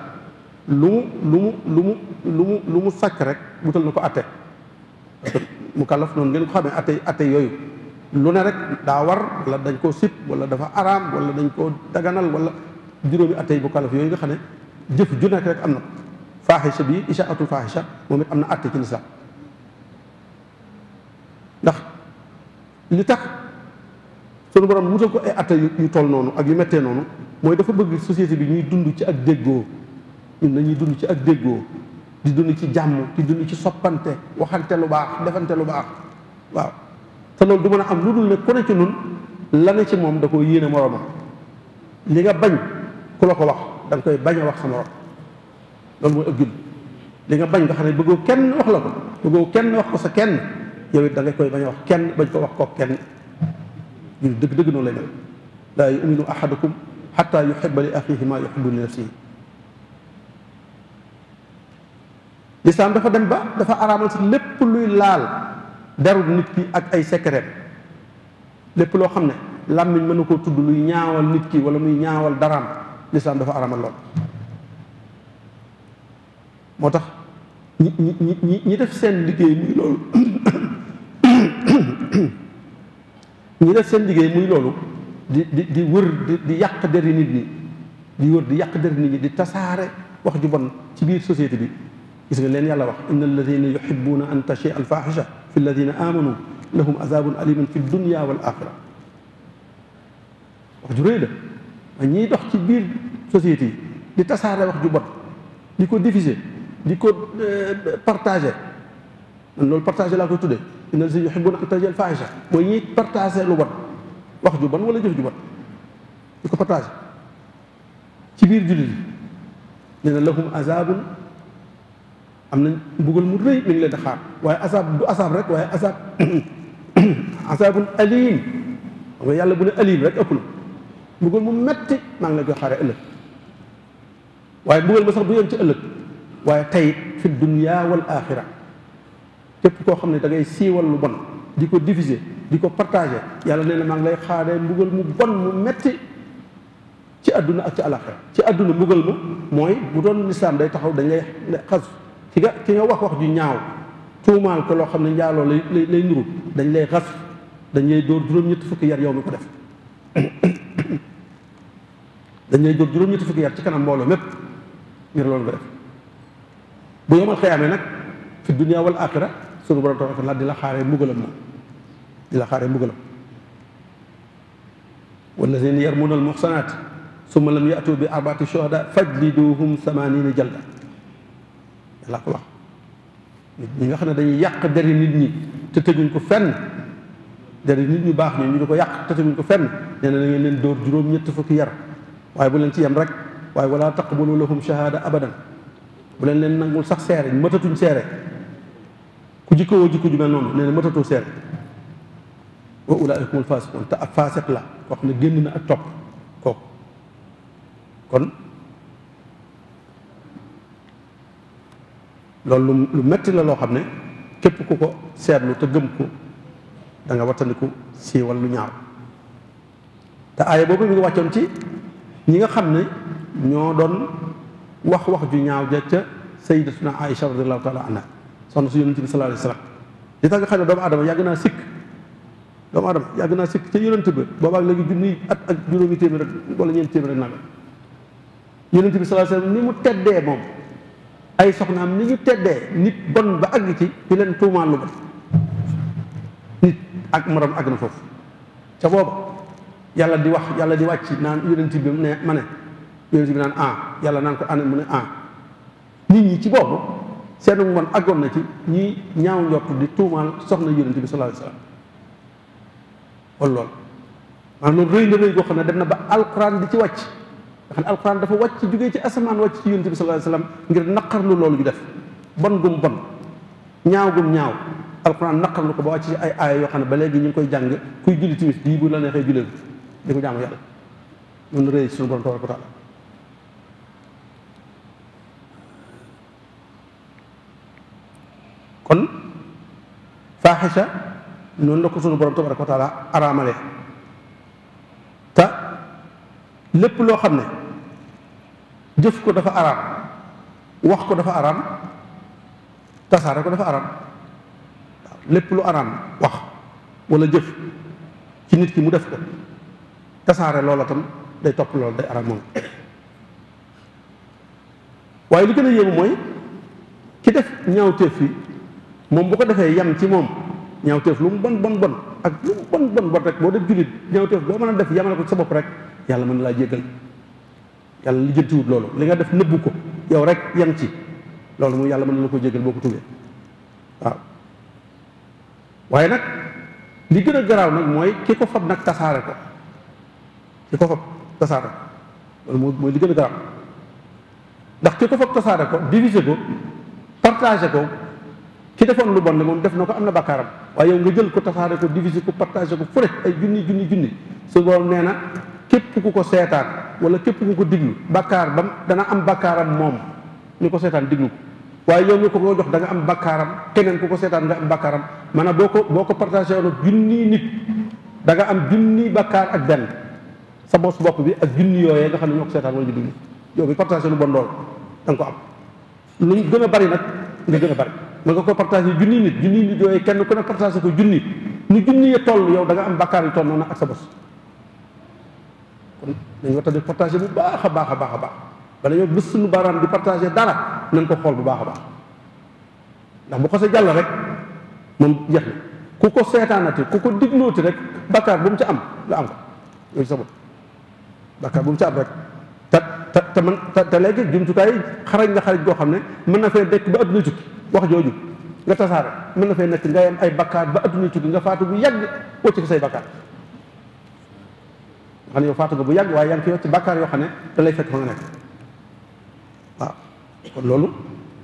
lu mu lu mu lu mu lu mu lu mu sàkk rek wutal na ko atte mu kàllaf noonu ngeen ko xamee atte atte yooyu lu ne rek daa war wala dañ koo sib wala dafa araam wala dañ koo daganal wala juróomi atte yi bu kàllaf yooyu nga xam ne jëf ju nekk rek am na faaxisha bi ishaatul faaxisha moom it am na atte ci ndax li tax sunu borom wutal ko ay atta yu tool noonu ak yu mettee noonu mooy dafa bëgg société bi ñuy dund ci ak déggoo ñun ñuy dund ci ak déggoo di dund ci jàmm di dund ci soppante waxante lu baax defante lu baax waaw te loolu du mën a am lu dul ne ku ne ci nun la ne ci moom da ko yéene moromam li nga bañ ku la ko wax da koy bañ a wax sa morom loolu mooy ëggul li nga bañ nga xam ne bëggoo kenn wax la ko bëggoo kenn wax ko sa kenn yow it da koy bañ wax kenn bañ ko wax ko kenn jullit dëgg dëgg noonu lay mel laa yuminu ahadukum xatta yuxiba li axihi maa yuxibu li nafsihi lislaam dafa dem ba dafa araamal sax lépp luy laal derul nit ki ak ay secret lépp loo xam ne làmmiñ mën na koo tudd luy ñaawal nit ki wala muy ñaawal daraam lislaam dafa araamal lool moo tax ñi ñi ñi ñi def seen liggéey muy loolu ñu def seen liggéey muy loolu di di di wër di di yàq deri nit ñi di wër di yàq deri nit ñi di tasaare wax ju bon ci biir société bi gis nga leen yàlla wax inna alladina yuhibuuna an tachi alfahisha fi alladina amanu lahum azabun alimun fi dunya wal axira wax ju rëy la a ñiy dox ci biir société yi di tasaare wax ju bon di ko diffuser di ko euh, partager man loolu partager laa ko tuddee inna si yuhibbuna an tajal fahisha mooy ñiy partagé lu bon wax ju bon wala ju bon di ko partagé ci biir jullit yi nee na lahum am nañ mbugal mu rëy mi ngi di xaar waaye asaab du asaab waaye asaab alim xam nga yàlla bu ne alim rek ëpp na mu metti maa ngi leen koy xaaree ëllëg waaye mbugal ma yem ci ëllëg waaye tey fi dunya wal képp koo xam ne da ngay siiwal lu bon di ko diffuser di ko partager yàlla nee na maa ngi lay xaare mbugal mu bon mu metti ci àdduna ak ci alaxira ci àdduna mbugal ma mooy bu doon lislaam day taxaw dañ lay xas ki nga ki nga wax wax ju ñaaw tuumaal ko loo xam ne njaaloo lay lay nuru dañ lay xas dañ lay dóor juróom-ñetti fukki yar yow mi ko def dañ lay dóor juróom-ñetti fukki yar ci kanam mbooloo mépp ngir loolu nga def bu yomal xëyaamee nag fi dunia wal axira suñu borom tabaraka taala di la xaaree mbugalam moom di la xaaree mbugalam wallazina yarmuna almuxsanaat summa lam yaatu bi arbaati shuhada fajliduhum samanina jalda yàlla ko wax nit ñi nga xam ne dañuy yàq deri nit ñi te tëguñ ko fenn deri nit ñu baax ñi ñu di ko yàq te tëguñ ko fenn nee na ngeen leen dóor juróom ñett fukki yar waaye bu leen ci yem rek waaye wala taqbalu lahum shahada abadan bu leen leen nangul sax seere matatuñ seere ku jikko woo jikko ju mel noonu nee na mëtatoo seet wa ulaikumul fasiqun te ab fasiq la koo xam ne génn na ak topp kook kon loolu lu metti la loo xam ne képp ku ko seetlu te gëm ko danga nga wattandiku siiwal lu ñaaw te aaya boobu ñu ngi wàccoon ci ñi nga xam ne ñoo doon wax wax ju ñaaw ja ca sayyidatuna Aïcha radiyallahu taala anha soxna su yonent bi sallallahu alayhi wasallam li tax nga xam ne doomu adama yàgg naa sikk doomu adama yàgg naa sikk ca yonent ba boobaak léegi junniy at ak juróomi téeméer rek wala ñeenti téeméer rek nanga yonent bi sallallahu alayhi wasallam ni mu teddee moom ay soxnaam ni ñu teddee nit bon ba àgg ci di leen tuumaal lu bon nit ak morom àgg na foofu ca booba yàlla di wax yàlla di wàcc naan yonent bi ne ma ne yonent bi naan ah yàlla naan ko ana mu ne ah nit ñi ci boobu seenu ngoon aggoon na ci ñi ñaaw njort di tuumaal soxna yonent bi sallallahu alayhi wasallam wala loolu maanaam loolu rëy na rëy goo xam ne dem na ba alquran di ci wàcc nga xam ne alquran dafa wàcc ci asamaan wàcc ci yonent bi sallallahu alayhi wasallam ngir naqarlu loolu ñu def bon gum bon ñaaw gum ñaaw alquran naqarlu ko wàcc ay aaya yoo xam ne ba léegi ñu ngi koy jàng kuy julli timis bii bu la neexee jullee di ko jaamu yàlla loolu rëy ci suñu borom tabaraka wa taala kon faaxisa noonu la ko sunu borom tabaraka wa taala araamale te lépp loo xam ne jëf ko dafa araam wax ko dafa araam tasaare ko dafa araam lépp lu araam wax wala jëf ci nit ki mu def ko tasaare loola tam day topp loolu day araam moom waaye li gën a yéemu mooy ki def ñaawteef fi moom bu ko defee yam ci moom ñaawteef lu mu bon bon bon ak lu mu bon bon bon rek boo def jullit ñaawteef boo mën a def yamale ko ci sa bopp rek yàlla mën laa jéggal yàlla li jëntiwut loolu li nga def nëbbu ko yow rek yan ci loolu moom yàlla mën na la ko jéggal boo ko tubee waaw waaye nag li gën a garaaw nag mooy ki ko fab nag tasaare ko ki ko fab tasaare ko loolu mooy li gën a garaaw ndax ki ko fab tasaare ko diviser ko partager ko ki defoon bon ne moom def na ko am na bakkaaram waaye yow nga jël ko tasaare ko diviser ko partager ko fu ne ay junni junni junni su borom nee na képp ku ko seetaan wala képp ku ko diglu bakkaar bam dana am bakkaaram moom ñu ko seetaan diglu ko waaye yow mi ko ko jox da nga am bakkaaram keneen ku ko seetaan nga am bakkaaram maanaam boo ko boo ko partagé woon junni nit danga am junni bakkaar ak benn sa bos bopp bi ak junni yooyee nga xam ne ñoo ko seetaan wala ñu diglu yow bi partagé lu bon lool da ko am luñ gën a bari nag nga gën a bari nga ko partagé junni nit junni nit yooyu kenn ku ne partagé ko junni ni junni ya toll yow danga am bakkaar yu toll noonu ak sa bos kon dañu war a partagé bu baax a baax a baax a baax bala yow bés suñu baaraam di partagé dara nañ ko xool bu baax a baax ndax bu xasee jàll rek moom jeex na ku ko seetaanati ku ko diglooti rek bakkaar bu mu ci am la am ko yooyu sa bopp bakkaar bu mu ci am rek te te te man te léegi jumtukaay xarañ nga xarañ koo xam ne mën na fee nekk ba adduna tukki wax jooju nga tasaare mën na fee nekk ngay am ay bakkaar ba adduna tukki nga faatu bu yàgg wocc fi say bakkaar xam ne bu yàgg waaye yaa ngi fi ci bakkaar yoo xam ne da lay fekk fa nga nekk loolu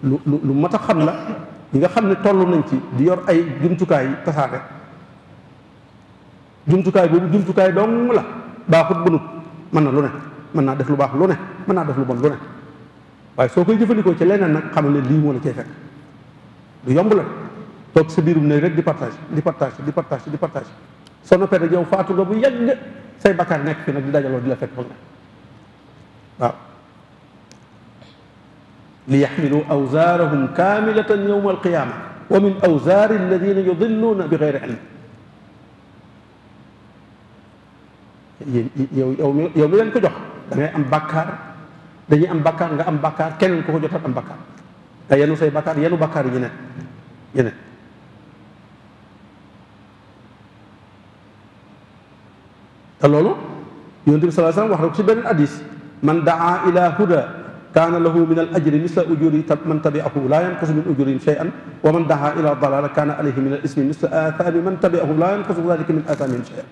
lu lu lu mat xam la ñi nga xam ne toll nañ ci di yor ay jumtukaay tasaare jumtukaay boobu jumtukaay dong la baaxut bunut mën na lu ne mën naa def lu baax lu ne mën naa def lu bon lu ne waaye soo koy jëfandikoo ci leneen nag xamal ne lii moo la cay fekk du yomb la toog sa biirum ne rek di partage di partage di partage di partage soo noppee rek faatu nga bu yàgg say bakar nekk fi nag di dajaloo di la fekk fa nga waaw li yaxmilu awsaarahum kaamilatan yowma alqiyaama wa min awsaari alladina yudilluuna bi gayri ilm yow mi leen ko jox da ngay am bàkkaar dañuy am bàkkaar nga am bàkkaar keneen ku ko jotat am bàkkaar te yenu say bàkkaar yenu bàkkaar yi ñeneen ñeneen te loolu yonent bi sallallahu alayhi wasallam wax na ko ci beneen hadis man daa ila huda kaana lahu min al ajri misla ujuri man tabiahu laa yanqasu min ujurin shay'an wa man daa ila dalala kaana alayhi min al ismi misla athami man tabiahu laa yanqasu dalika min athamihim shay'an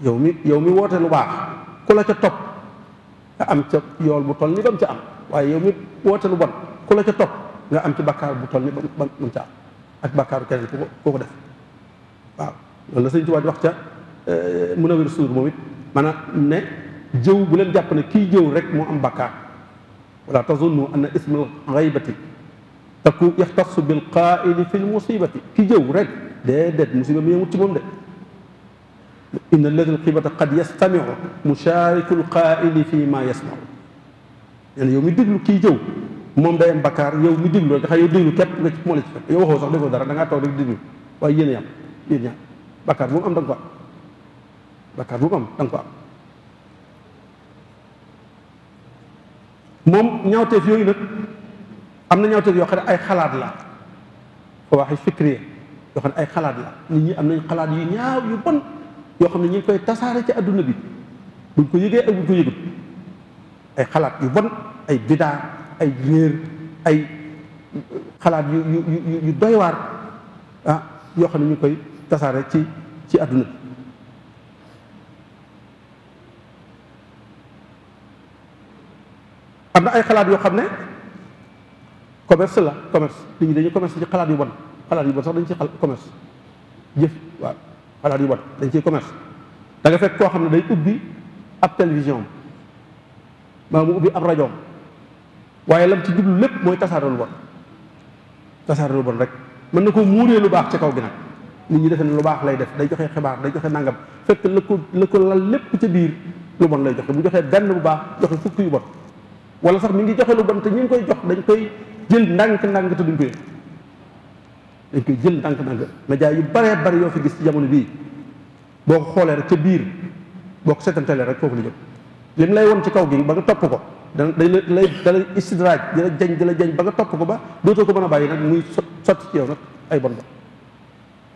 yow mi yow mi woote lu baax ku la ca topp nga am ca yool bu toll ni ba mu ca am waaye yow mi woote lu bon ku la ca topp nga am ci bakkaar bu toll ni ba mu ca am ak bakkaaru keneen ku ko ku ko def waaw loolu la sëñ Tuubaa wax ca eh, Munawwir Sudur moom it maanaam ne jëw bu leen jàpp ne kii jëw rek moo am bakkaar wala tazunnu anna ismal ghaybati taku yaxtasu bil qaa'ili fil musibati kii jëw rek déedéet musiba mi yemut ci moom de inna alladi alxibata qad yastamiu mushariku lqaaili fi ma yasmau nee na yow mi déglu kii jëw moom day am bakkaar yow mi déglu rek xëy yow déglu képp nga ci moo la ci fekk yow waxoo sax defoo dara da ngaa toog rek déglu waaye yéen a yam yéen ñaar bakkaar bu mu am da nga ko am bakkaar bu mu am da nga ko am moom ñaawteef yooyu nag am na ñaawteef yoo xam ne ay xalaat la fa waaxe fikriya yoo xam ne ay xalaat la nit ñi am nañ xalaat yu ñaaw yu bon yoo xam ne ñu ngi koy tasaare ci àdduna bi buñ ko yëgee ak buñ ko yëgut ay xalaat yu bon ay bidaa ay réer ay xalaat yu yu yu doy waar ah, yoo xam ne ñu ngi koy tasaare ci ci àdduna bi am na ay xalaat yoo xam ne commerce la commerce nit ñi dañuy commerce ci xalaat yu bon xalaat yu bon sax dañ ci commerce jëf waaw alal yu wat dañ ciy commerce danga fekk koo xam ne day ubbi ab télévision maa mu ubbi ab rajoom waaye lam ci jublu lépp mooy tasaare lu bon tasaare lu bon rek mën na ko muuree lu baax ci kaw gi nag nit ñi defe ne lu baax lay def day joxe xibaar day joxe nangam fekk la ko la ko lal lépp ci biir lu bon lay joxe bu joxee benn bu baax joxe fukk yu bon wala sax mi ngi joxe lu bon te ñu ngi koy jox dañ koy jël ndànk-ndànk te duñ ko yëg dañ koy jël ndànk-ndànk média yu baree bari yoo fi gis ci jamono bii boo ko xoolee rek ca biir boo ko setantalee rek foofu la jëm lim lay won ci kaw gi ba nga topp ko da day lay da lay la la jañ ba nga topp ko ba dootoo ko mën a bàyyi nag muy sotti ci yow nag ay bon ba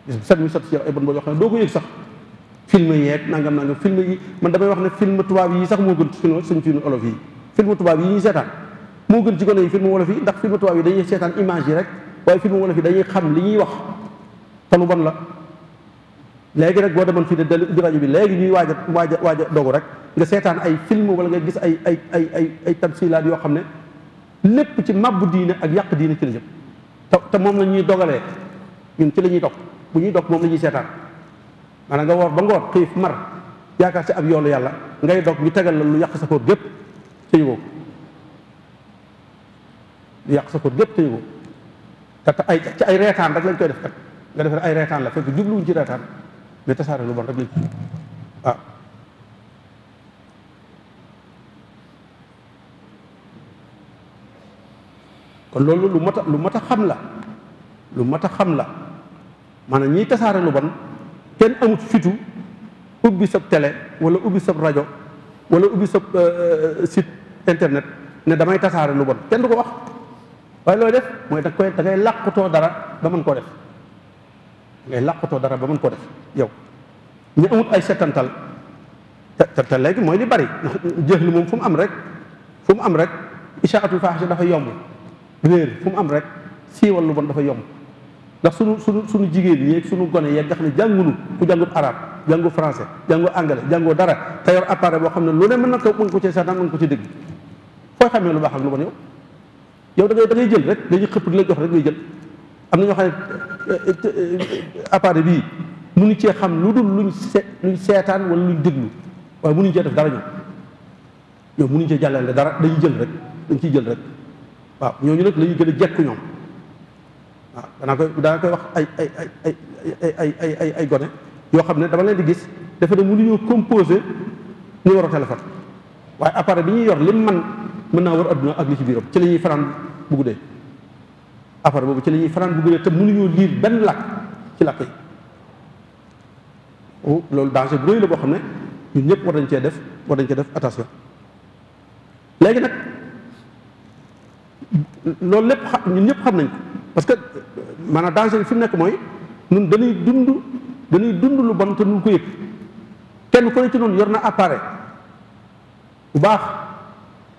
gis set muy sotti ci yow ay bon ba yoo xam ne doo ko yëg sax film yeeg nangam nangam film yi man damay wax ne film tubaab yi sax moo gën suñu suñ film olof yi film tubaab yi ñuy seetaan moo gën ci gone yi film wolof yi ndax film tubaab yi dañuy seetaan image yi rek waaye fi mu wala dañuy xam li ñuy wax te lu bon la léegi rek boo demoon fii de dellu ubbi rajo bi léegi ñuy waaj a waaj waaj a dogu rek nga seetaan ay film wala ngay gis ay ay ay ay ay tamsilaat yoo xam ne lépp ci màbb diine ak yàq diine ci la te moom la ñuy dogalee ñun ci la ñuy dog bu ñuy dog moom la ñuy seetaan maanaam nga woor ba ngoon xiif mar yaakaar si ab yoonu yàlla ngay dog ñu tegal la lu yàq sa koor gépp te yëgoo lu yàq sa koor gépp te yëgoo te ay ci ay reetaan rek lañ koy def kat nga defee ay reetaan la fekk jubluwuñ ci reetaan mais tasaare lu bon rek lañ waaw ah. kon loolu lu mat a lu mat xam la lu mat a xam la maanaam ñiy tasaare lu bon kenn amut fitu ubbi sab tele wala ubbi sab rajo wala ubbi sab euh, euh, site internet ne damay tasaare lu bon kenn du ko wax waaye looy def mooy da koy da ngay làqutoo dara ba mën koo def ngay làqutoo dara ba mën def yow ñu amut ay setantal te te léegi mooy li bari ndax jëxlu moom fu mu am rek fu mu am rek ishaatul faaxisha dafa yomb réer fu mu am rek siiwal lu bon dafa yomb ndax sunu sunu sunu jigéen ñeeg sunu gone yeeg nga xam ne jàngunu ku jàngut arab jàngu français jàngu anglais jàngoo dara te yor appareil boo xam ne lu ne mën na ko mën ko ci seetaan mën ko ci dégg fooy xamee lu baax ak lu bon yow yow dangay dangay jël rek dañuy xëpp di la jox rek ngay jël am na ñoo xam ne euh, appareil bii mënuñ cee xam lu dul luñ se luñ seetaan wala luñ déglu waaye mënuñ cee def dara ñoom yow mënuñ cee jàllale dara dañuy jël rek dañ ciy jël rek waaw ñooñu nag la ñuy gën a jekk ñoom waaw dana koy danaa koy wax ay ay ay ay ay ay ay gone yoo xam ne dama leen di gis dafa ne mënuñoo composé numéro téléphone waaye appareil bi ñuy yor lim man mën naa war adduna ak li ci biiram ci la ñuy fanaan bu guddee boobu ci la ñuy fanaan bu guddee nu mënuñoo liir benn làkk ci làkk yi oh, loolu danger bu rëy la boo xam ne ñun ñëpp war dañ cee def war dañ cee def attention léegi nag loolu lépp xam ñun ñëpp xam nañ ko parce que maanaam danger bi fi mu nekk mooy ñun dañuy dund dañuy dund lu bon te ñu ko yëpp kenn ko ne ci noonu yor na appareil bu baax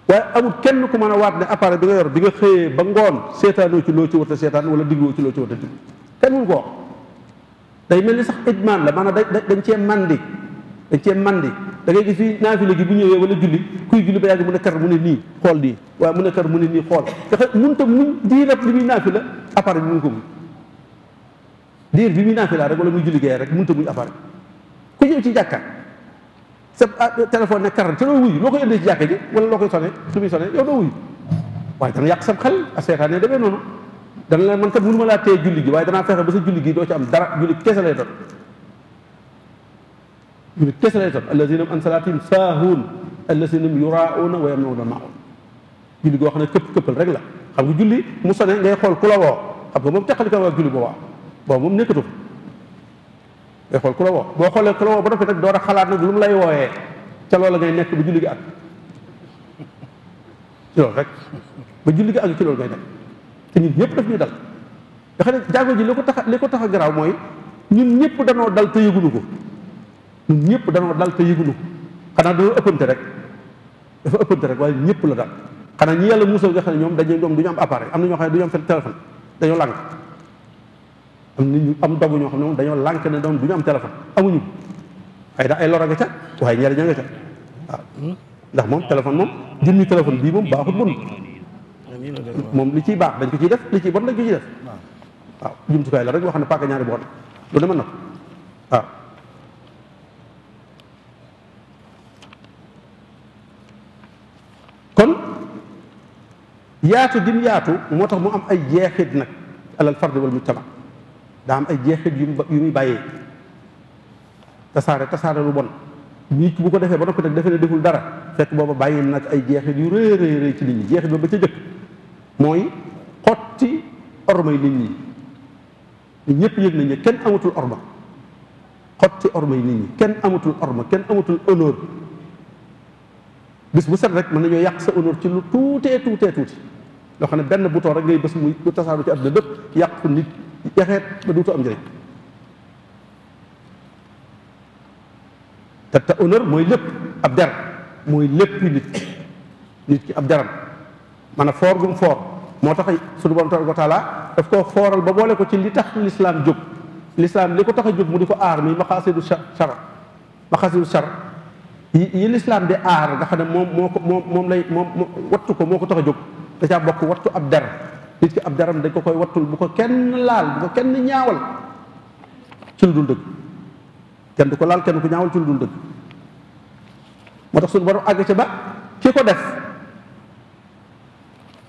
waaye amul kenn ku mën a waat ne appareil bi nga yor bi nga xëyee ba ngoon seetaanoo ci loo ci war a seetaan wala digloo ci loo ci war a kenn mun ko day mel ni sax ijmaan la maanaam dañ cee mandi dañ cee mandi da ngay gis fii naafila gi bu ñëwee wala julli kuy julli ba yàgg mu ne kar mu ne nii xool nii waaye mu ne kar mu ne nii xool nga xam mënut a muñ diirat li muy naafila appareil bi ko muñ diir bi muy naafila rek wala muy julli gee rek mënut a muñ appareil ku ñëw ci jàkka sa ah, téléphone ne karan te doo wuyu loo koy indee ci jàkka ji wala loo koy sone su muy sone yow doo wuyu waaye dana yàq sam xel a seetaan ne demee noonu dana la man kat mënu ma laa téye julli gi waaye danaa fexe ba sa julli gi doo ci am dara julli kese lay doon julli kese lay doon allazina an salaatihim saahuun allazina yuraauna wa yamnuuna maun julli goo xam ne këpp këppal rek la xam nga julli mu sone ngay xool ku la woo xam nga moom teqali ko waa julli boobaa boobu moom nekkatu ngay xool ku boo xoolee ku la woo ba noppi nag door a xalaat nag lu mu lay wooyee ca loola ngay nekk ba julli gi ak ci rek ba julli gi ak ci loolu ngay nekk te ñun ñëpp daf ñuy dal nga xam ne ji li ko tax li tax garaaw mooy ñun ñëpp danoo dal te yëgunu ko ñëpp danoo dal te yëgunu ko xanaa dañoo ëppante rek dafa ëppante rek waaye ñëpp la dal xanaa ñi yàlla musal nga xam ne ñoom dañuy doom du ñu am appareil am na ñoo xam ne du ñu am seen téléphone dañoo lànk am nit ñu am dogu ñoo xam ne moom dañoo lànk ne doom du ñu am téléphone amuñu ay da ay lor nga ca waaye njëriñ a nga ca waaw ndax moom téléphone moom ñu téléphone bii moom baaxut bon moom li ciy baax dañ ko ciy def li ciy bon dañ ko ciy def waaw jumtukaay la rek boo xam ne paaka ñaari boot lu ne mën waaw kon yaatu dim yaatu moo tax mu am ay jeexit nag alal fard wal mujtama daa am ay jeexit yu yu muy bàyyee tasaare tasaare lu bon nit bu ko defee ba noppi nag defe ne deful dara fekk booba bàyyi nag ay jeexit yu rëy rëy rëy ci nit ñi jeexit ba ba ca jëkk mooy xotti ormay nit ñi nit ñëpp yëg nañ ne kenn amatul orma xotti ormay nit ñi kenn amatul orma kenn amatul honneur bis bu set rek mën nañoo yàq sa honneur ci lu tuutee tuutee tuuti loo xam ne benn bouton rek ngay bés muy tasaaru ci àdduna bépp yàq nit yaxeet ba duutu am njëriñ te te honneur mooy lépp ab der mooy lépp nit ki nit ki ab deram man a foor gum foor moo tax suñu borom tabaraka wa taala daf koo fooral ba boole ko ci li tax lislaam jóg lislaam li ko tax a jóg mu di ko aar mi maqaasidu shar maqaasidu shar yi yi lislaam di aar nga xam ne moom moo ko moom moom lay moom wattu ko moo ko tax a jóg da caa bokk wattu ab der nit ki ab daram dañ ko koy wattul bu ko kenn laal bu ko kenn ñaawal ci lu dul dëgg kenn du ko laal kenn ku ñaawal ci lu dul dëgg moo tax suñu borom àgg ci ba ki ko def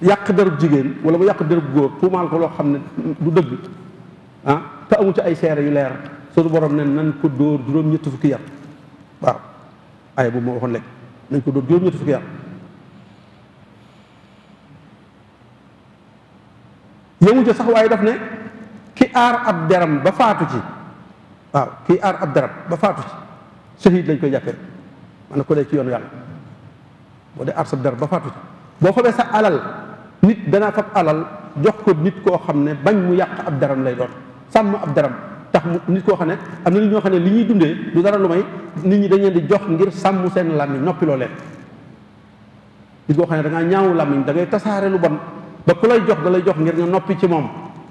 yàq dërëb jigéen wala mu yàq dërëb góor tuumaal ko loo xam ne du dëgg ah te amu ci ay seere yu leer suñu borom ne nañ ko dóor juróom-ñetti fukki yar waaw ay bu ma waxoon léegi nañ ko dóor juróom-ñetti fukki yar yëmu ca sax waaye daf ne ki aar ab deram ba faatu ci waaw kii aar ab deram ba faatu ci shahid lañ koy jàppee man na ko dee ci yoon yàlla boo dee aar sa der ba faatu ci boo fabee sa alal nit danaa fab alal jox ko nit koo xam ne bañ mu yàq ab deram lay doon sàmm ab deram tax mu nit koo xam ne am na nit ñoo xam ne li ñuy dundee du dara lu may nit ñi dañ leen di jox ngir sàmm seen làmmiñ noppiloo leen nit koo xam ne da ñaawu làmmiñ da ngay tasaare lu ba ku lay jox da lay jox ngir nga noppi ci moom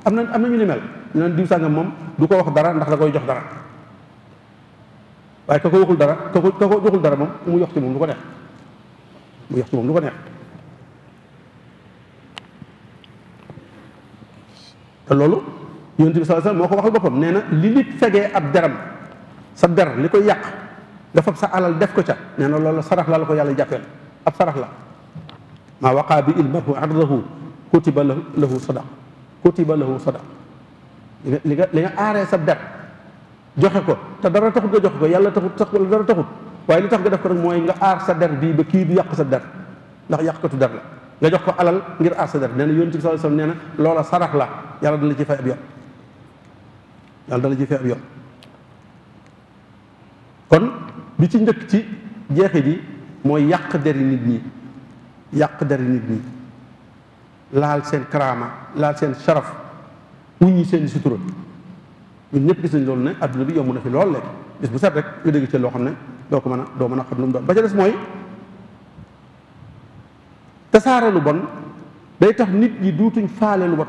am na am na ñu ni mel ñu naan diw sàngam moom du ko wax dara ndax la koy jox dara waaye ka ko waxul dara ka ko ka dara moom mu yox ci moom lu ko neex mu yox ci moom lu ko neex te loolu yonent bi sallallahu moo ko waxal boppam nee na li nit fegee ab deram sa der li koy yàq nga fab sa alal def ko ca nee na loolu sarax la la ko yàlla jàppeel ab sarax la maa waqaa bi il marhu ardahu kutiba lahu sadaq kutiba lahu sadaq li nga li nga aaree sa der joxe ko te dara taxut nga joxe ko yàlla taxut sax dara taxut waaye li tax nga def ko nag mooy nga aar sa der bii ba kii du yàq sa der ndax yàqkatu der la nga jox ko alal ngir aar sa der nee na yonent bi sallallahu alayhi wasallam nee na sarax la yàlla dana ci fay ab yoon kon bi ci njëkk ci jeexit yi mooy yàq deri nit ñi yàq deri nit ñi laal seen karaama laal seen sharaf wuññi seen sutura ñun ñëpp gis nañ loolu ne adduna bi yomb na fi lool léegi bis bu set rek nga dégg ci loo xam ne doo ko mën a doo mën a xam lu mu doon ba ca des mooy tasaare lu bon day tax nit ñi duutuñ faale lu bon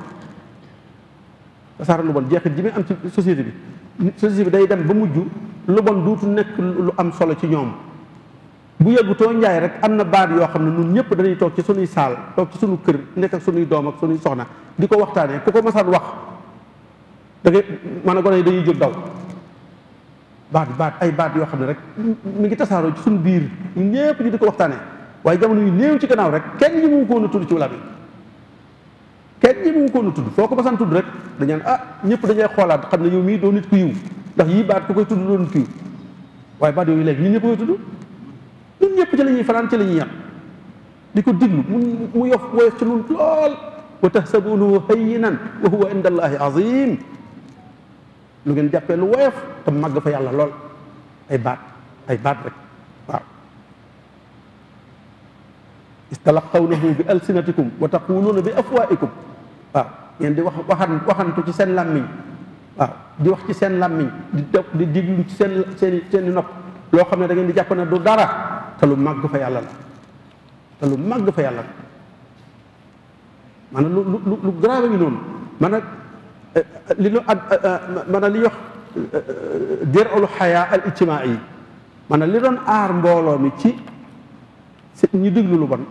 tasaare lu bon jeexit ji muy am ci societé bi société bi day dem ba mujj lu bon duutu nekk lu am solo ci ñoom bu yëggutoo njaay rek am na baat yoo xam ne ñun ñëpp dañuy toog ci suñuy saal toog ci suñu kër nekk ak suñuy doom ak sunuy soxna di ko waxtaanee ku ko masaan wax da ngay maanaam gone yi dañuy jóg baat ay baat yoo xam ne rek mi ngi tasaaroo ci suñu biir ñun ñëpp ñu di ko waxtaanee waaye jamono yu néew ci gannaaw rek kenn ñi mu ngi ko woon a tudd ci ko woon tudd foo ko masaan tudd rek dañaan ah ñëpp dañuy xoolaat xam ne yow mii doo nit ku yiw ndax yii baat ku koy tudd doo nit ku waaye baat yooyu léegi ñun ñëpp koy tudd ñun ñëpp ci la fanaan ci la ñuy yam di ko diglu mu mu yof woyof ci nun lool wa tahsabunahu hayyinan wa huwa inda allahi lu ngeen jàppee lu woyof te màgg fa yàlla lool ay baat ay baat rek waaw istalaqawnahu bi alsinatikum wa taquluuna bi afwaikum waaw ngeen di wax waxan waxantu ci seen làmmiñ waaw di wax ci seen làmmiñ di di diglu ci seen seen seeni nopp loo xam ne da di jàpp ne du dara te lu màgg fa yàlla la te lu màgg fa yàlla la maanaam lu lu lu grave noonu man eh, eh, li ñu ak eh, maanaam li wax dir xayaa al ijtimaa yi maanaam li doon aar mbooloo mi ci ñu diglu lu bon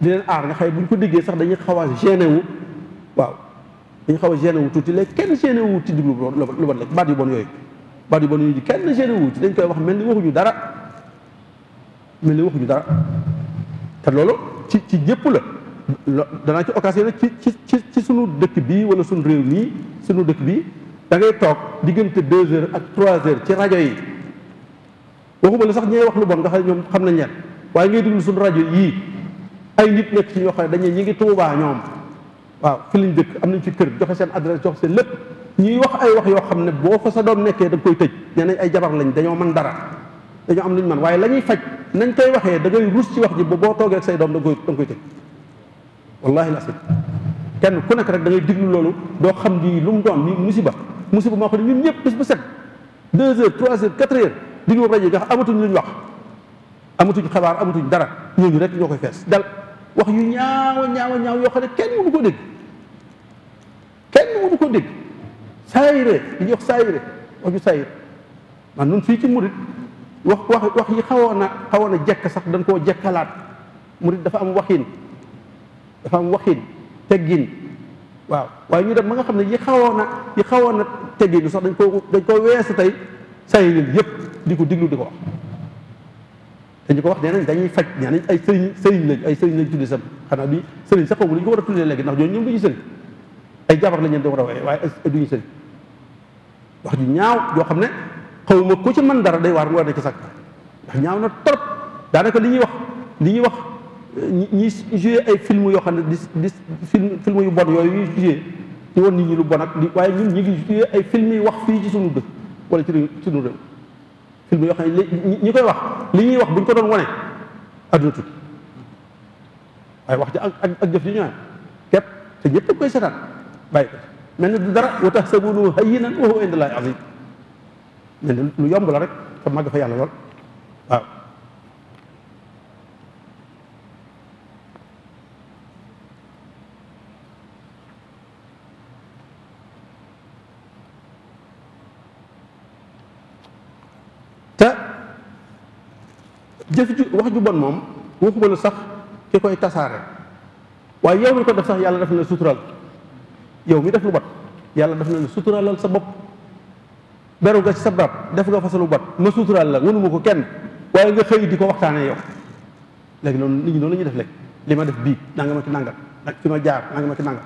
di leen aar nga xay bu ñu ko déggee sax dañuy xaw a gêné wu waaw dañuy xaw a wu tuuti léegi kenn gêné wu ci déglu lu bon léegi baat yu bon yooyu baat yu bon yooyu kenn gêné wu ci dañ koy wax mel ni waxuñu dara mel ni waxuñu dara te loolu ci ci ñëpp la danaa ci occasion nag ci ci ci ci sunu dëkk bii wala suñu réew mii sunu dëkk bii dangay toog diggante deux heures ak trois heures ci rajo yi waxuma la sax ñooy wax lu bon nga xam ne ñoom xam nañ ñett waaye ngay déglu sunu rajo yii ay nit nekk ci ñoo xam ne dañuy ñu ngi tuubaa ñoom waaw fi lañ dëkk am nañ ci kër joxe seen adresse joxe seen lépp ñuy wax ay wax yoo xam ne boo fa sa doom nekkee da koy tëj nee ay jabar lañ dañoo mën dara dañoo am lu ñu man waaye la ñuy faj nañ koy waxee da ngay rus ci wax ji ba boo toogee ak say doom da koy da nga koy tëj wallahi la kenn ku nekk rek da ngay diglu loolu doo xam di lu mu doon ni musiba musiba moo xam ne ñun ñëpp bis bu set deux heures trois heures quatre heures diglu rajo yi nga xam amatuñ lu ñu wax amatuñ xabaar amatuñ dara ñooñu rek ñoo koy fees dal wax yu ñaawa ñaawa ñaaw yoo xam ne kenn mënu ko dégg kenn mënu ko dégg saayire li ñuy wax saayire wax ju fii ci wax wax wax yi xawoon a xawoon a jekk sax dañ koo mu murid dafa am waxin dafa am waxin teggin waaw waaye ñu dem ba nga xam ne yi xawoon a yi xawoon a tegginu sax dañ koo dañ koo weesu tey say yëpp di ko diglu di ko wax dañu ko wax nee nañ dañuy faj nee nañ ay sëriñ sëriñ lañ ay sëriñ lañ tudde sam xanaa du sëriñ sax xamu lu ñu ko war a tuddee léegi ndax ñoom ñoom du ñu sëriñ ay jabar lañ leen di war a waaye duñu sëriñ wax ju ñaaw yoo xam ne xaw ma ku ci man dara dey waar nga war na ci sàkk ndax na trop daanaka li ñuy wax li ñuy wax ñi joué ay film yoo xam ne di di film yu bon yooyu ñuy ñi lu bon waaye ñu ngi ay film yi wax fii ci sunu dëkk wala ci sunu réew film yoo xam ne ñi koy wax li ñuy wax bu ñu ko doon wone adduna tuuti waaye wax ci ak ak jëf ji ñooy képp te ñëpp koy seetaan bàyyi ko mel ni du dara wa tahsabunahu hayyinan wa huwa inda Allahi ne lu yomb la rek te màgg fa yàlla lool waaw te jëf ju wax ju bon moom waxuma sax ki koy tasaare waaye yow mi ko def sax yàlla def na sutural yow mi def lu bon yàlla def na ne suturalal sa bopp beru nga ci sa barab def nga fasalu bat ma suuturaal la wunuma ko kenn waaye nga xëy di ko waxtaanee yow léegi noonu nit ñi noonu la ñuy def léegi li ma def bii nanga ma ci nangal ak fi ma jaar nanga ma ci nangal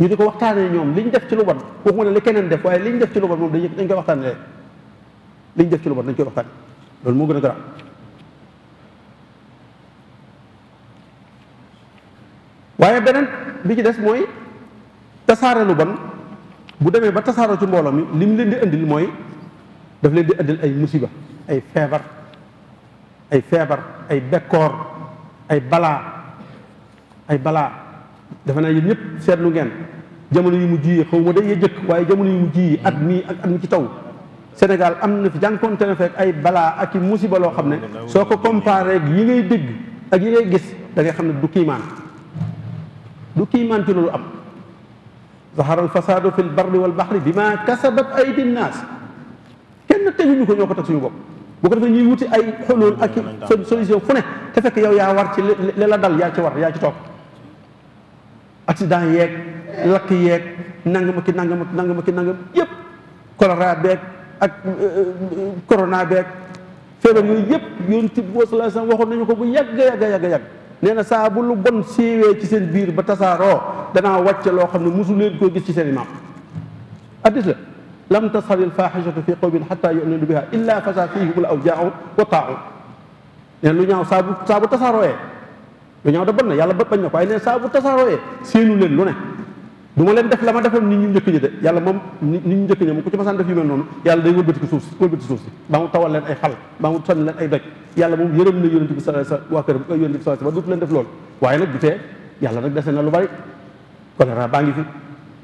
ñu di ko waxtaanee ñoom li ñu def ci lu bon waxuma ne keneen def waaye li ñu def ci lu bon moom dañ dañ def ci lu dañ koy waxtaanee loolu moo gën a garaaw waaye beneen bi ci des mooy tasaare lu bon bu demee ba tasaaroo ci mbooloo mi li mu leen di indil mooy daf leen di indil ay musiba ay feebar ay feebar ay bekkoor ay balaa ay balaa dafa naa yéen ñëpp seetlu ngeen jamono yi mu ji xaw ma day ya jëkk waaye jamono yu mu ji at mii ak at mi ci taw Sénégal am na fi jànkoonte na fekk ay balaa ak i musiba loo xam ne soo ko comparé ak yi ngay dégg ak yi ngay gis dangay xam ne du kiimaan du kiimaan ci loolu am zahara alfasadu fi lbarri walbahri bima kasabat aydi nnaas kenn teguñu ko ñoo ko teg suñu bopp bu ko defee ñuy wuti ay xulul ak solution fu ne te fekk yow yaa war ci li la dal yaa ci war yaa ci toog accident yeeg lakk yeeg nangama ki nangama ki nangama ki nangam yëpp choléra beeg ak euh, euh, corona beeg feebar yooyu yëpp yonent bi sallallahu alayhi wasallam waxoon nañu ko bu yàgg yàgg yàgg yàgg nee na saa lu bon siiwee ci seen biir ba tasaaroo danaa wàcce loo xam ne mosu leen koo gis ci seen imaam addis la lam tashari alfaxishatu fi qawmin xata yuminu biha illa lu ñaaw saa bu saa bu lu ñaaw da bon na yàlla ba bañ na ko waaye neen saa bu tasaarooyee seenu leen lu ne du ma leen def la ma defoon nit ñu njëkk ñi de yàlla moom nit ñu njëkk ñi mu ku ci masaan def yu mel noonu yàlla day wëlbati ko suuf si wëlbati suuf si ba mu tawal leen ay xal ba mu sonn leen ay na yonent bi sa sa waa këram def loolu waaye nag du tee yàlla nag dese na lu bari choléra baa ngi fi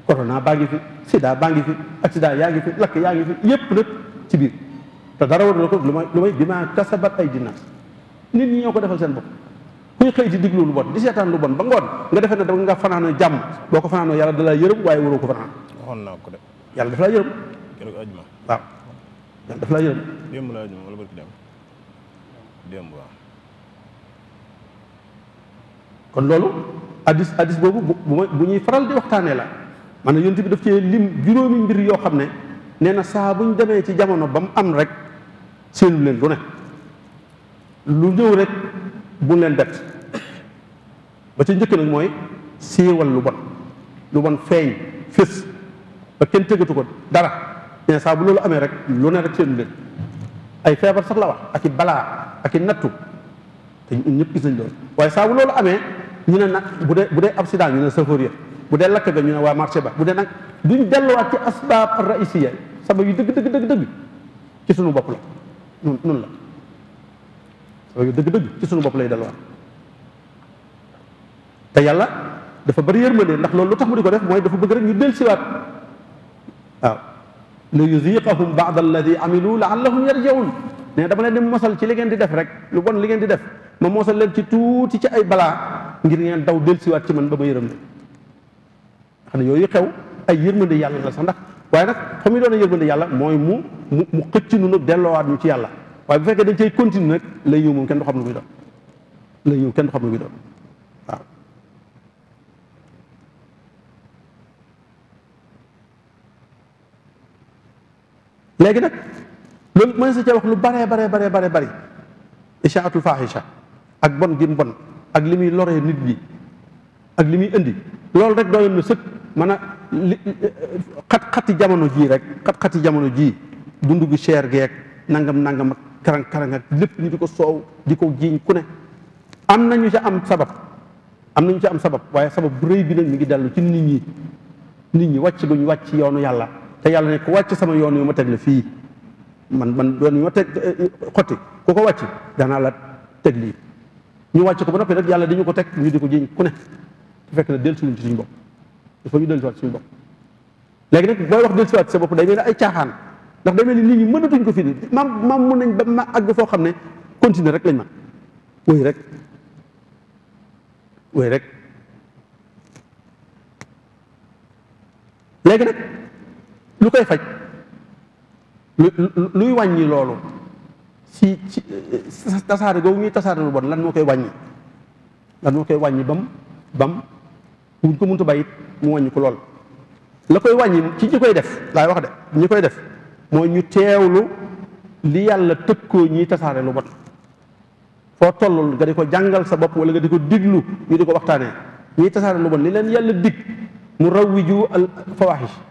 corona baa ngi fi sida baa ngi fi accident yaa ngi fi lakk yaa ngi fi yépp nag ci biir te dara war na ko lu may lu may bi maa kasabat ay dina nit ñi ñoo ko defal seen bopp kuy xëy di diglu lu di seetaan lu ba ngoon nga defee ne da nga fanaanoo jàmm boo ko fanaanoo yàlla dalaa waaye waroo ko fanaan waxoon naa ko de yàlla daf laa yërëm la ajuma wala barki dem démb kon loolu addis addis boobu bu ñuy faral di waxtaanee la maanaam yonent bi daf ci lim juróomi mbir yoo xam ne nee na saa bu ñu demee ci jamono ba mu am rek séenu leen lu ne lu ñëw rek bu leen bett ba ca njëkk nag mooy siiwal lu bon lu bon feeñ fés ba kenn tëggatu ko dara mais bu loolu amee rek lu ne rek seen leen ay feebar sax la wax ak i balaa ak i nattu te ñun ñëpp gis nañ loolu waaye saa bu loolu amee ñu ne nag bu dee bu dee accident ñu ne safar ya bu dee lakk ga ñu ne waa marché ba bu dee nag duñ delluwaat ci asbaab raisiya sabab yu dëgg dëgg dëgg dëgg ci suñu bopp la noonu la sabab yu dëgg dëgg ci suñu bopp lay delluwaat te yàlla dafa bari yërmande ndax loolu lu tax mu di ko def mooy dafa bëgg rek ñu del siwaat waaw li yuziqahum baad alladi amilu laallahum yarjaun ne dama leen di mosal ci li ngeen di def rek lu li ngeen di def ma mosal leen ci tuuti ci ay balaa ngir ngeen daw del siwaat ci man ba ma yërëm ne xam ne yooyu xew ay yërmande yàlla la sax ndax waaye nag fa muy doon a yërmande yàlla mooy mu mu mu xëcc nu nag delloowaat ñu ci yàlla waaye bu fekkee dañ cay continue nag lay ñëw moom kenn du xam lu muy doon xam lu muy doon léegi nag loolu mën si ca wax lu baree baree baree baree bëri ishaatul faahisha ak bon gi bon ak li muy loree nit ñi ak li muy indi loolu rek doyoon na sëkk mën xat-xati jamono jii rek xat-xati jamono jii dundu gi cher geek nangam nangam ak karang karang ak lépp ñu di ko soow di ko jiiñ ku ne am ñu ca am sabab am nañu ca am sabab waaye sabab bu rëy bi nag mi ngi dellu ci nit ñi nit ñi wàcc guñ wàcc yoonu yàlla te yàlla ne ku wàcc sama yoon yu ma teg la fii man man yoon yu ma teg eh, eh, xotti ku ko wàcc danaa la teg lii ñu wàcc ko ba noppi nag yàlla di ko teg ñu di ko jiñ ku ne su fekk na dellusiwuñ ci suñu bopp il faut ñu dellusiwaat suñu bopp léegi nag booy wax dellusiwaat sa bopp day mel ni ay caaxaan ndax day mel ni nit ñi mënatuñ ko fii ni maam maam mun nañ ba ma àgg foo xam ne continuer rek lañ ma wéy rek wéy rek léegi nag lu koy faj luy wàññi loolu si ci tasaare googu ñuy tasaare lu bon lan moo koy wàññi lan moo koy wàññi bam bam buñ ko mënta bàyyit mu wàññi ko lool la koy wàññi ci ñi koy def laay wax de ñi koy def mooy ñu teewlu li yàlla tëkkoo ñuy tasaare lu bon foo tollul nga di ko jàngal sa bopp wala nga di ko diglu ñu di ko waxtaanee ñuy tasaare lu bon li leen yàlla dig mu rawwiju al fawaaxish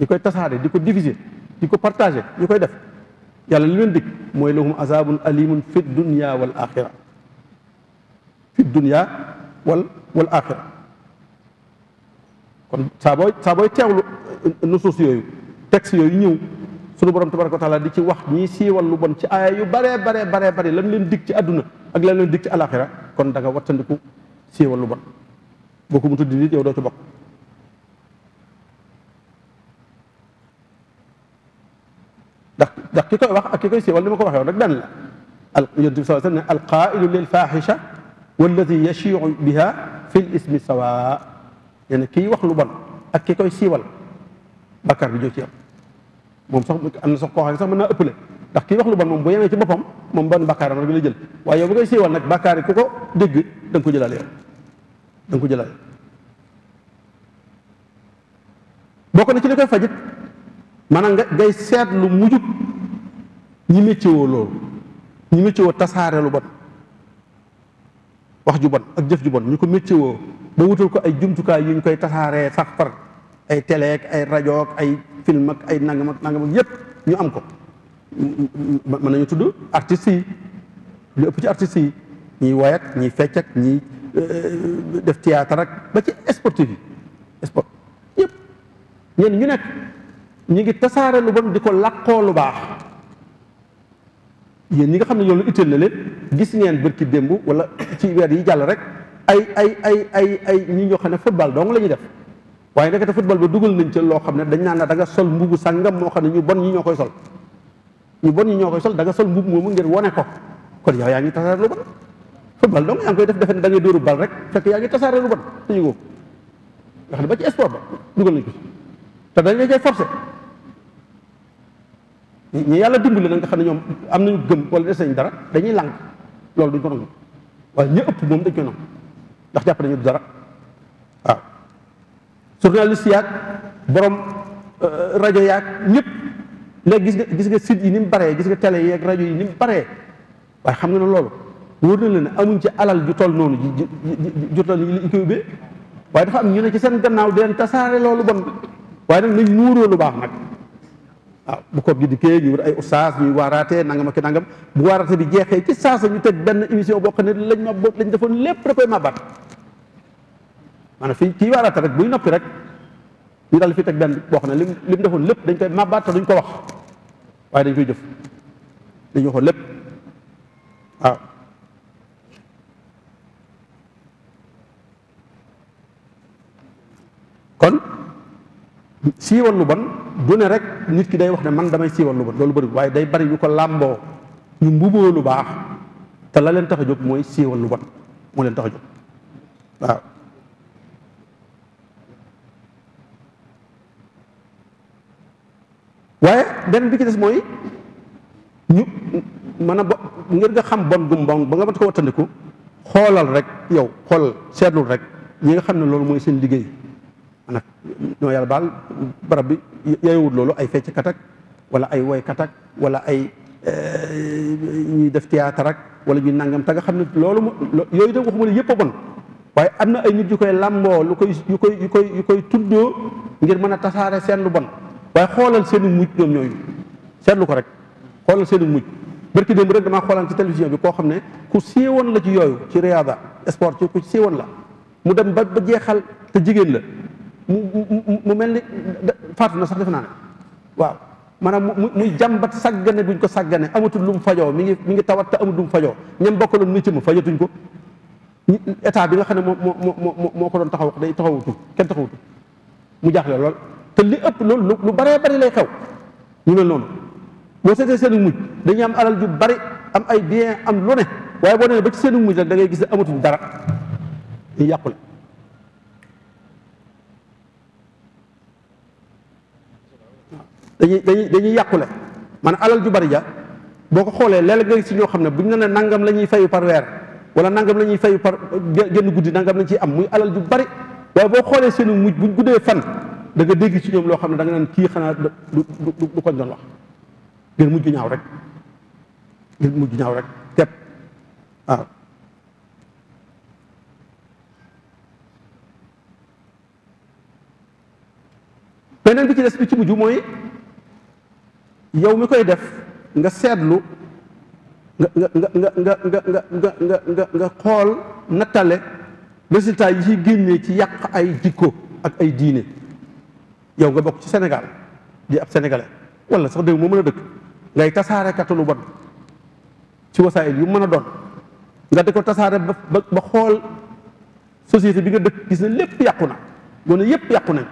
ñu koy tasaare di ko diviser di ko partager ñu koy def yàlla li leen dig mooy lahum azabun alimun fi dunya wal axira fi dunya wal wal axira kon saa booy saa booy teewlu eh, nusuus yooyu texte yooyu ñëw sunu borom tabaraka wa taala di ci wax ñiy siiwal lu bon ci aaya yu baree bare baree bari lan leen dikk ci àdduna ak lan leen dig ci alaxira kon danga nga wattandiku siiwal lu bon boo ko mu tuddi nit yow doo ci bokk ndax ndax ki koy wax ak ki koy siiwal li ma ko waxee woon rek benn la al yonent bi sallallahu alayhi wasallam al qailu lil fahisha walladi yashiu biha fi l ismi sawa nee na kii wax lu bon ak ki koy siiwal bàkkaar bi jóg ci yam moom sax am na sax koo xam ne sax mën naa ëppale ndax kii wax lu bon moom bu yemee ci boppam moom benn bàkkaaram rek la jël waaye yow bu koy siiwal nag bàkkaar yi ku ko dégg da nga ko jëlaale yow da nga ko jëlaale bokk na ci li koy fajit maanaam nga ngay seetlu mujjub ñi méccewoo loolu ñi méccewoo tasaare bon wax ju bon ak jëf ju bon ñu ko méccewoo ba wutal ko ay jumtukaay yu ñu koy tasaaree sax far ay tele ak ay rajo ay film ak ay nangam ak nangam ñu am ko mën nañu tudd artistes yi lu ëpp ci artistes yi ñiy woy ak ñiy fecc ak ñiy euh, def théâtre ak ba ci sportif yi sport yépp ñenn ñu nekk ñi ngi tasaare lu bon di ko làqoo lu baax yéen ñi nga xam ne yoonu itteel na leen gis ngeen bërki démb wala ci weer yi jàll rek ay ay ay ay ay ñi ñoo xam ne football dong la ñuy def waaye ndekete football ba dugal nañ ca loo xam ne dañ naan na da sol mbubu sàngam moo xam ne ñu bon ñi ñoo koy sol ñu bon ñu ñoo koy sol da nga sol mbubu moomu ngir wone ko kon yow yaa ngi tasaare lu bon football dong yaa ngi koy def defe ne da dóoru bal rek fekk yaa ngi tasaare lu bon te ñu ko nga ba ci sport ba ñi yàlla dimbali na nga xam ne ñoom am nañu gëm wala des nañ dara dañuy lànk loolu duñ ko nangu waaye ñi ëpp moom dañ koy nangu ndax jàpp nañu dara waaw journaliste yaag borom euh, rajo yaag ñëpp léegi gis nga gis nga site yi ni baree gis nga télé yi rajo yi ni mu baree waaye xam nga ne loolu wóor na la ne ci alal ju toll noonu ji ju ñu waaye dafa am ñu ne ci seen gannaaw di leen tasaare loolu bon waaye nag nañ muuroo lu baax nag waaw ah, bu koor gi dikkee ñu wut ay ustaas ñuy waaraatee nangam ak nangam bu waaraate bi jeexee ci saasa ñu teg benn émission boo xam ne lañ ma boobu lañ defoon lépp da koy màbbat maanaam fii kii waaraate rek buy noppi fi benn boo xam ne lim lim defoon lépp dañ koy màbbat te duñ ko wax waaye dañ koy jëf dañ waxoon lépp waaw ah. kon siiwal lu bon du rek nit ki day wax ne man damay siiwal lu bon loolu bëri waaye day bari ñu ko làmboo ñu mbuboo lu baax te la leen tax a jóg mooy siiwal lu bon moo leen tax a jóg waaye benn bi ci des mooy ñu mën a bo ngir nga xam bon gum bon ba nga mën ko wattandiku xoolal rek yow xoolal seetlul rek ñi nga xam ne loolu mooy seen liggéey nag ñoo yàlla baal barab bi yeyowut loolu ay fecc katak wala ay woy katak wala ay eh, ñuy def théâtre ak wala ñuy nangam te nga xam ne loolu yooyu tam waxuma ne yëpp a bon waaye am na ay nit yu koy làmboo lu koy yu koy yu koy yu koy tuddoo ngir mën a tasaare seen lu bon waaye xoolal seenu mujj ñoom ñooñu seetlu ko rek xoolal seenu mujj barki démb rek damaa xoolaan ci télévision bi koo xam ne ku siiwoon la ci yooyu ci riyaada sport ci ku siiwoon la mu dem la mu mu mel ni faatu na sax defe naa ne waaw maanaam mu muy jàmbat sàggane buñ ko sàggane amatul lu mu fajoo mi ngi mi ngi tawat te amul lu mu fajoo ñam bokkaloon muy mu fajatuñ ko état bi nga xam ne moo moo moo moo ko doon taxaw day taxawutu kenn taxawutu mu jaaxle lool te li ëpp loolu lu baree bari lay xew ñu mel noonu boo seetee seen mujj dañuy am alal ju bari am ay bien am lu ne waaye boo nee ba ci seen mujj rek da ngay gis ne amatuñ dara ñu yàqule dañuy dañuy dañuy yàqule man alal ju bari ja boo ko xoolee léeg nga gis ñoo xam ne bu ñu ne nangam la ñuy fayu par weer wala nangam la ñuy fayu par genn guddi nangam lañ ciy am muy alal ju bari waaye boo xoolee seenu mujj buñ guddee fan da nga dégg ci ñoom loo xam ne da nga naan kii xanaa du du du ko doon wax ngir mujj ñaaw rek ngir mujj ñaaw rek tepp waaw bi ci des ci mujj mooy yow mi koy def nga seetlu nga nga nga nga nga nga nga nga nga nga xool nattale résultat yi ci génnee ci yàq ay jikko ak ay diine yow nga bokk ci senegal di ab sénégalais wala sax dëgg moo mën a dëkk ngay tasaare katu lu bon ci wasaayil yu mën a doon nga di ko tasaare ba ba xool société bi nga dëkk gis na lépp yàqu na gone yépp yàqu nañ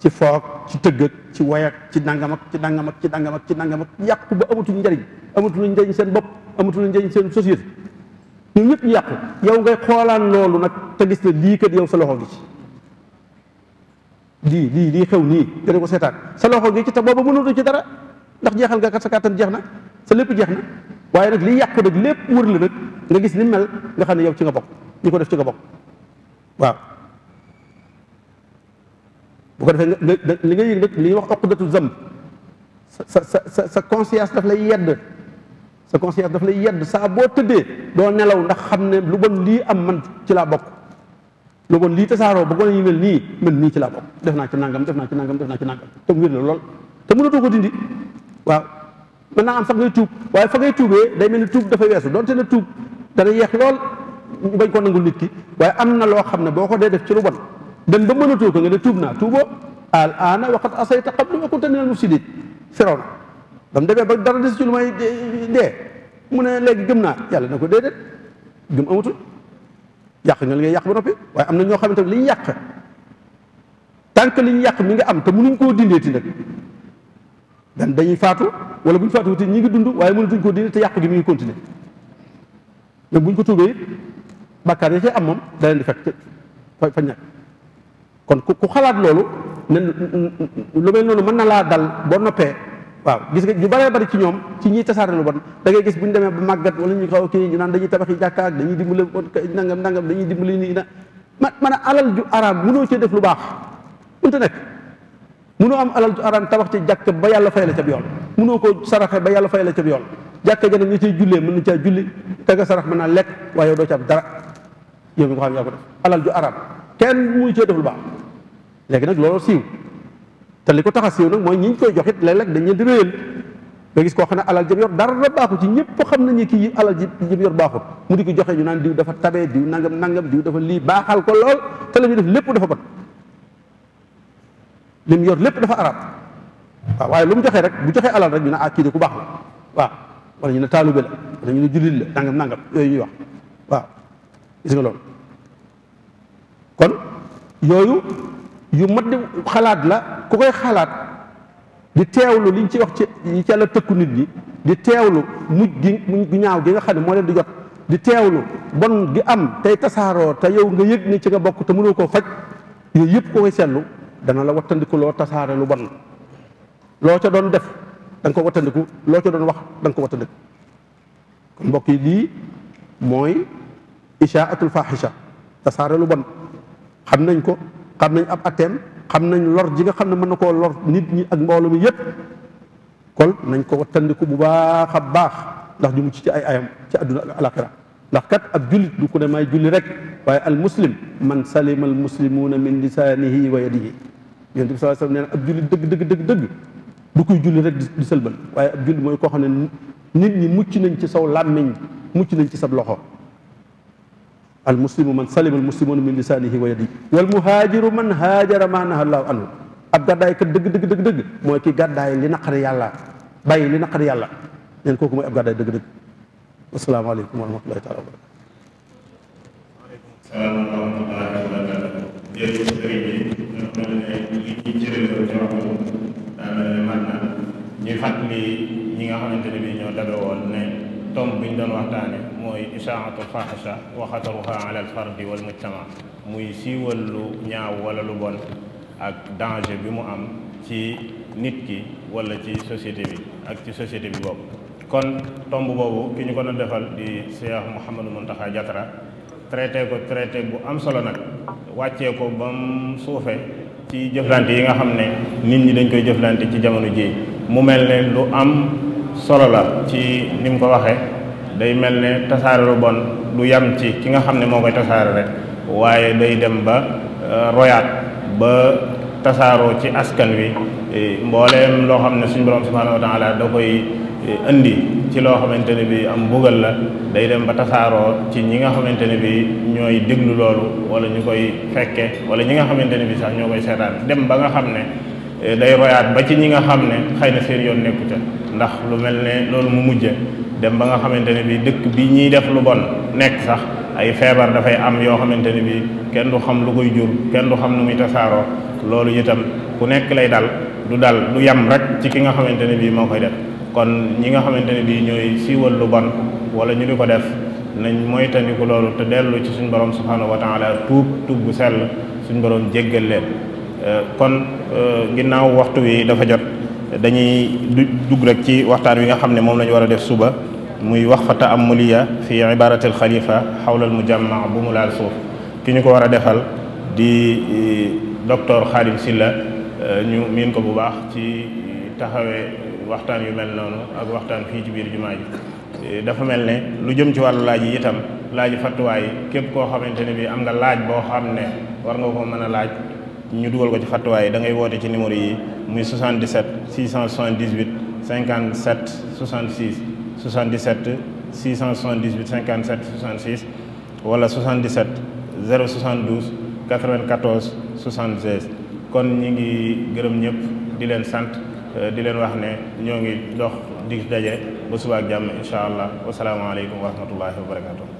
ci foog ci tëgg ci woy ci nangam ci nangam ci nangam ak ci nangam ak yàqu ba amatul njariñ amatul njariñ seen bopp amatul njariñ seen société ñoom ñëpp ñu yàqu yow ngay xoolaan loolu nag te gis ne lii kat yow sa loxo gi ci lii lii lii xew nii nga di ko seetaan sa loxo gi ci te booba mënatu ci dara ndax jeexal nga kat sa kàttan jeex na sa lépp jeex na waaye nag lii yàqu nag lépp wër la nag nga gis ni mel nga xam ne yow ci nga bokk ñi ko def ci nga bu ko defee li nga yëg na li wax wax oqdatu zam sa sa sa sa conscience daf lay yedd sa conscience daf lay yedd saa boo tëddee doo nelaw ndax xam ne lu bon lii am man ci laa bokk lu bon lii tasaaroo ba gone yi mel nii man nii ci laa bokk def naa ci nangam def naa ci nangam def naa ci nangam te mu wér la lool te ko dindi waaw mën naa am sax ngay tuub fa ngay tuubee day mel ni tuub dafa weesu donte ne tuub dana yeex lool ñu bañ ko nangul nit ki waaye am na loo xam ne boo ko dee def ci lu bon dem ba mënatoo ko nga ne tuub naa tuuboo al aana waqad asayta qablu wa kunta minal mufsidin firawna ba mu demee ba dara des ci lu dee mu ne léegi gëm naa yàlla na ko déedéet gëm amatul yàq nga li ngay yàq ba noppi waaye am na ñoo xamante ne li ñu yàq tant que li ñu yàq mi nga am te nuñ koo dindeeti nag dan dañuy faatu wala bu ñu faatu te ñi ngi dund waaye mënatuñ koo dindi te yàq gi mi ngi continuer même bu ñu ko tuubee yi bàkkaar ya am moom da di fekk kon ku xalaat loolu ne lu mel noonu mën na laa dal boo noppee waaw gis nga ñu bëree bari ci ñoom ci ñiy tasaare lu bon da ngay gis bu ñu demee ba màggat wala ñu xaw kii ñu naan dañuy tabax yi jàkka ak dañuy dimbali nangam nangam dañuy dimbali nii na man man alal ju araam mënoo cee def lu baax mënta nekk mënoo am alal ju araam tabax ci jàkk ba yàlla fay la ca yoon mënoo ko saraxe ba yàlla fay la ca yoon jàkka ja nag ñu cay jullee mën na caa julli te nga sarax mën naa lekk waaye yow dara yow mi ko xam yaa ko def kenn mënu lu baax léegi nag loolu siiw te li ko tax a siiw nag mooy ñi ñu koy jox it léeg-léeg dañ koo xam ne alal jëm yor dara baaxu ci ñëpp xam nañu kii alal ji jëm yor baaxut mu di joxe ñu naan diw dafa tabee diw nangam nangam diw dafa lii baaxal ko lool te la ñuy dafa bon yor lépp dafa arab waaye lu mu joxe rek bu joxe alal rek ñu ne ah kii baax waaw wala ñu ne taalube la wala ñu ne jullit la nangam nangam yooyu ñuy wax waaw gis nga loolu kon yooyu yu mat di xalaat la ku koy xalaat di teewlu liñ ci wax ci yi ca la tëkku nit gi di teewlu mujj gi mu ñaaw gi nga xam ne moo leen di jot di teewlu bon gi am tey tasaaroo te yow nga yëg ni ci nga bokk te mënoo koo faj yooyu yëpp ko koy seetlu dana la wattandiku loo tasaare lu bon loo ca doon def da ko wattandiku loo ca doon wax da nga ko wattandiku kon mbokk yi lii mooy ishaatul fahisha tasaare lu bon xam nañ ko xam nañ ab atteem xam nañ lor ji nga xam ne mën na koo lor nit ñi ak mbooloo mi yépp kol nañ ko wattandiku bu baax a baax ndax ñu mucc ci ay ayam ci àdduna ak alaxira ndax kat ab jullit du ku ne may julli rek waaye al muslim man salima al muslimuuna min lisaanihi wa yadihi yonent bi sallallahu sa wasallam nee na ab jullit dëgg dëgg dëgg dëgg du koy julli rek di sëlbal waaye ab jullit mooy koo xam ne nit ñi mucc nañ ci saw làmmiñ mucc nañ ci sab loxo almuslimu man salima almuslimuuna min lisaanihi wa yadihi wal muhaajiru man haajara maa nahaa llaahu anhu ab gàddaay kat dëgg dëgg dëgg dëgg mooy ki gàddaay li naqari yàlla bàyyi li naqari yàlla neen kooku mooy ab gàddaay dëgg dëgg asalaamaaleykum wa rahmatullahi taala wa barakatu salaam wa rahmatullahi wa barakatu jërëjëf sëriñ bi nga xam man na ñuy nga xamante ne bi ñoo daga woon tomb bi ñu doon waxtaane mooy isaatul fahisha wa xataruha ala alfardi wal mujtama muy siiwal lu ñaaw wala lu bon ak danger bi mu am ci nit ki wala ci société bi ak ci société bi boobu kon tomb boobu ki ñu ko doon defal di xam Cheikh Mouhamadou Mountakha Diatara traité ko traité bu am solo nag wàccee ko ba mu suufe ci jëflante yi nga xam ne nit ñi dañ koy jëflante ci jamono ji mu mel ne lu am solo la ci ni mu ko waxee day mel ne tasaare lu bon du yam ci ki nga xam ne moo koy tasaare rek waaye day dem ba euh, royaat ba tasaaroo ci askan wi mbooleem loo xam ne suñ borom subhanahu wa taala da koy euh, indi ci loo xamante ne bi am mbugal la day dem ba tasaaroo ci ñi nga xamante ne bi ñooy déglu loolu wala ñu koy fekke wala ñi nga xamante ne bi sax ñoo koy seetaan dem ba nga xam ne Eh, day royaat ba ci ñi nga xam ne xëy na seen yoon nekku ca ndax lu mel ne loolu mu mujje dem ba nga xamante ne bi dëkk bi ñuy def lu bon nekk sax ay feebar dafay am yoo xamante ne bi kenn du xam lu koy jur kenn du xam nu muy tasaaroo loolu itam ku nekk lay dal du dal du yam rek ci ki nga xamante ne bi moo koy def kon ñi nga xamante ne bi ñooy siiwal lu bon wala ñu di ko def nañ moytandiku loolu te dellu ci suñ borom subhanahu wa taala tuub tuub bu sell suñ borom jéggal leen Euh, kon euh, ginnaaw waxtu wi dafa jot dañuy dugg rek ci waxtaan wi nga xam ne moom lañu war a def suba muy wax fa taamuliya fi ibaratil xalifa xawlal mu mujamma bu mu laal suuf ki ñu ko war a defal di euh, docteur Khadim Silla ñu miin ko bu baax ci taxawee waxtaan yu mel noonu ak waxtaan fii ci biir jumaa ji dafa mel ne lu jëm ci wàllu laaj yi itam laaj fattuwaay képp koo xamante ne bi am nga laaj boo xam ne war nga ko mën a laaj ñu dugal ko ci xattuwaay da ngay woote ci numéro yi muy 77 678 57 66 77 678 57 66 wala 77 072 94 76 kon ñi ngi gërëm ñëpp di leen sant euh, di leen wax ne ñoo ngi dox di daje ba suba ak jàmm incha allah wasalaamaaleykum wa rahmatullahi wa barakatuh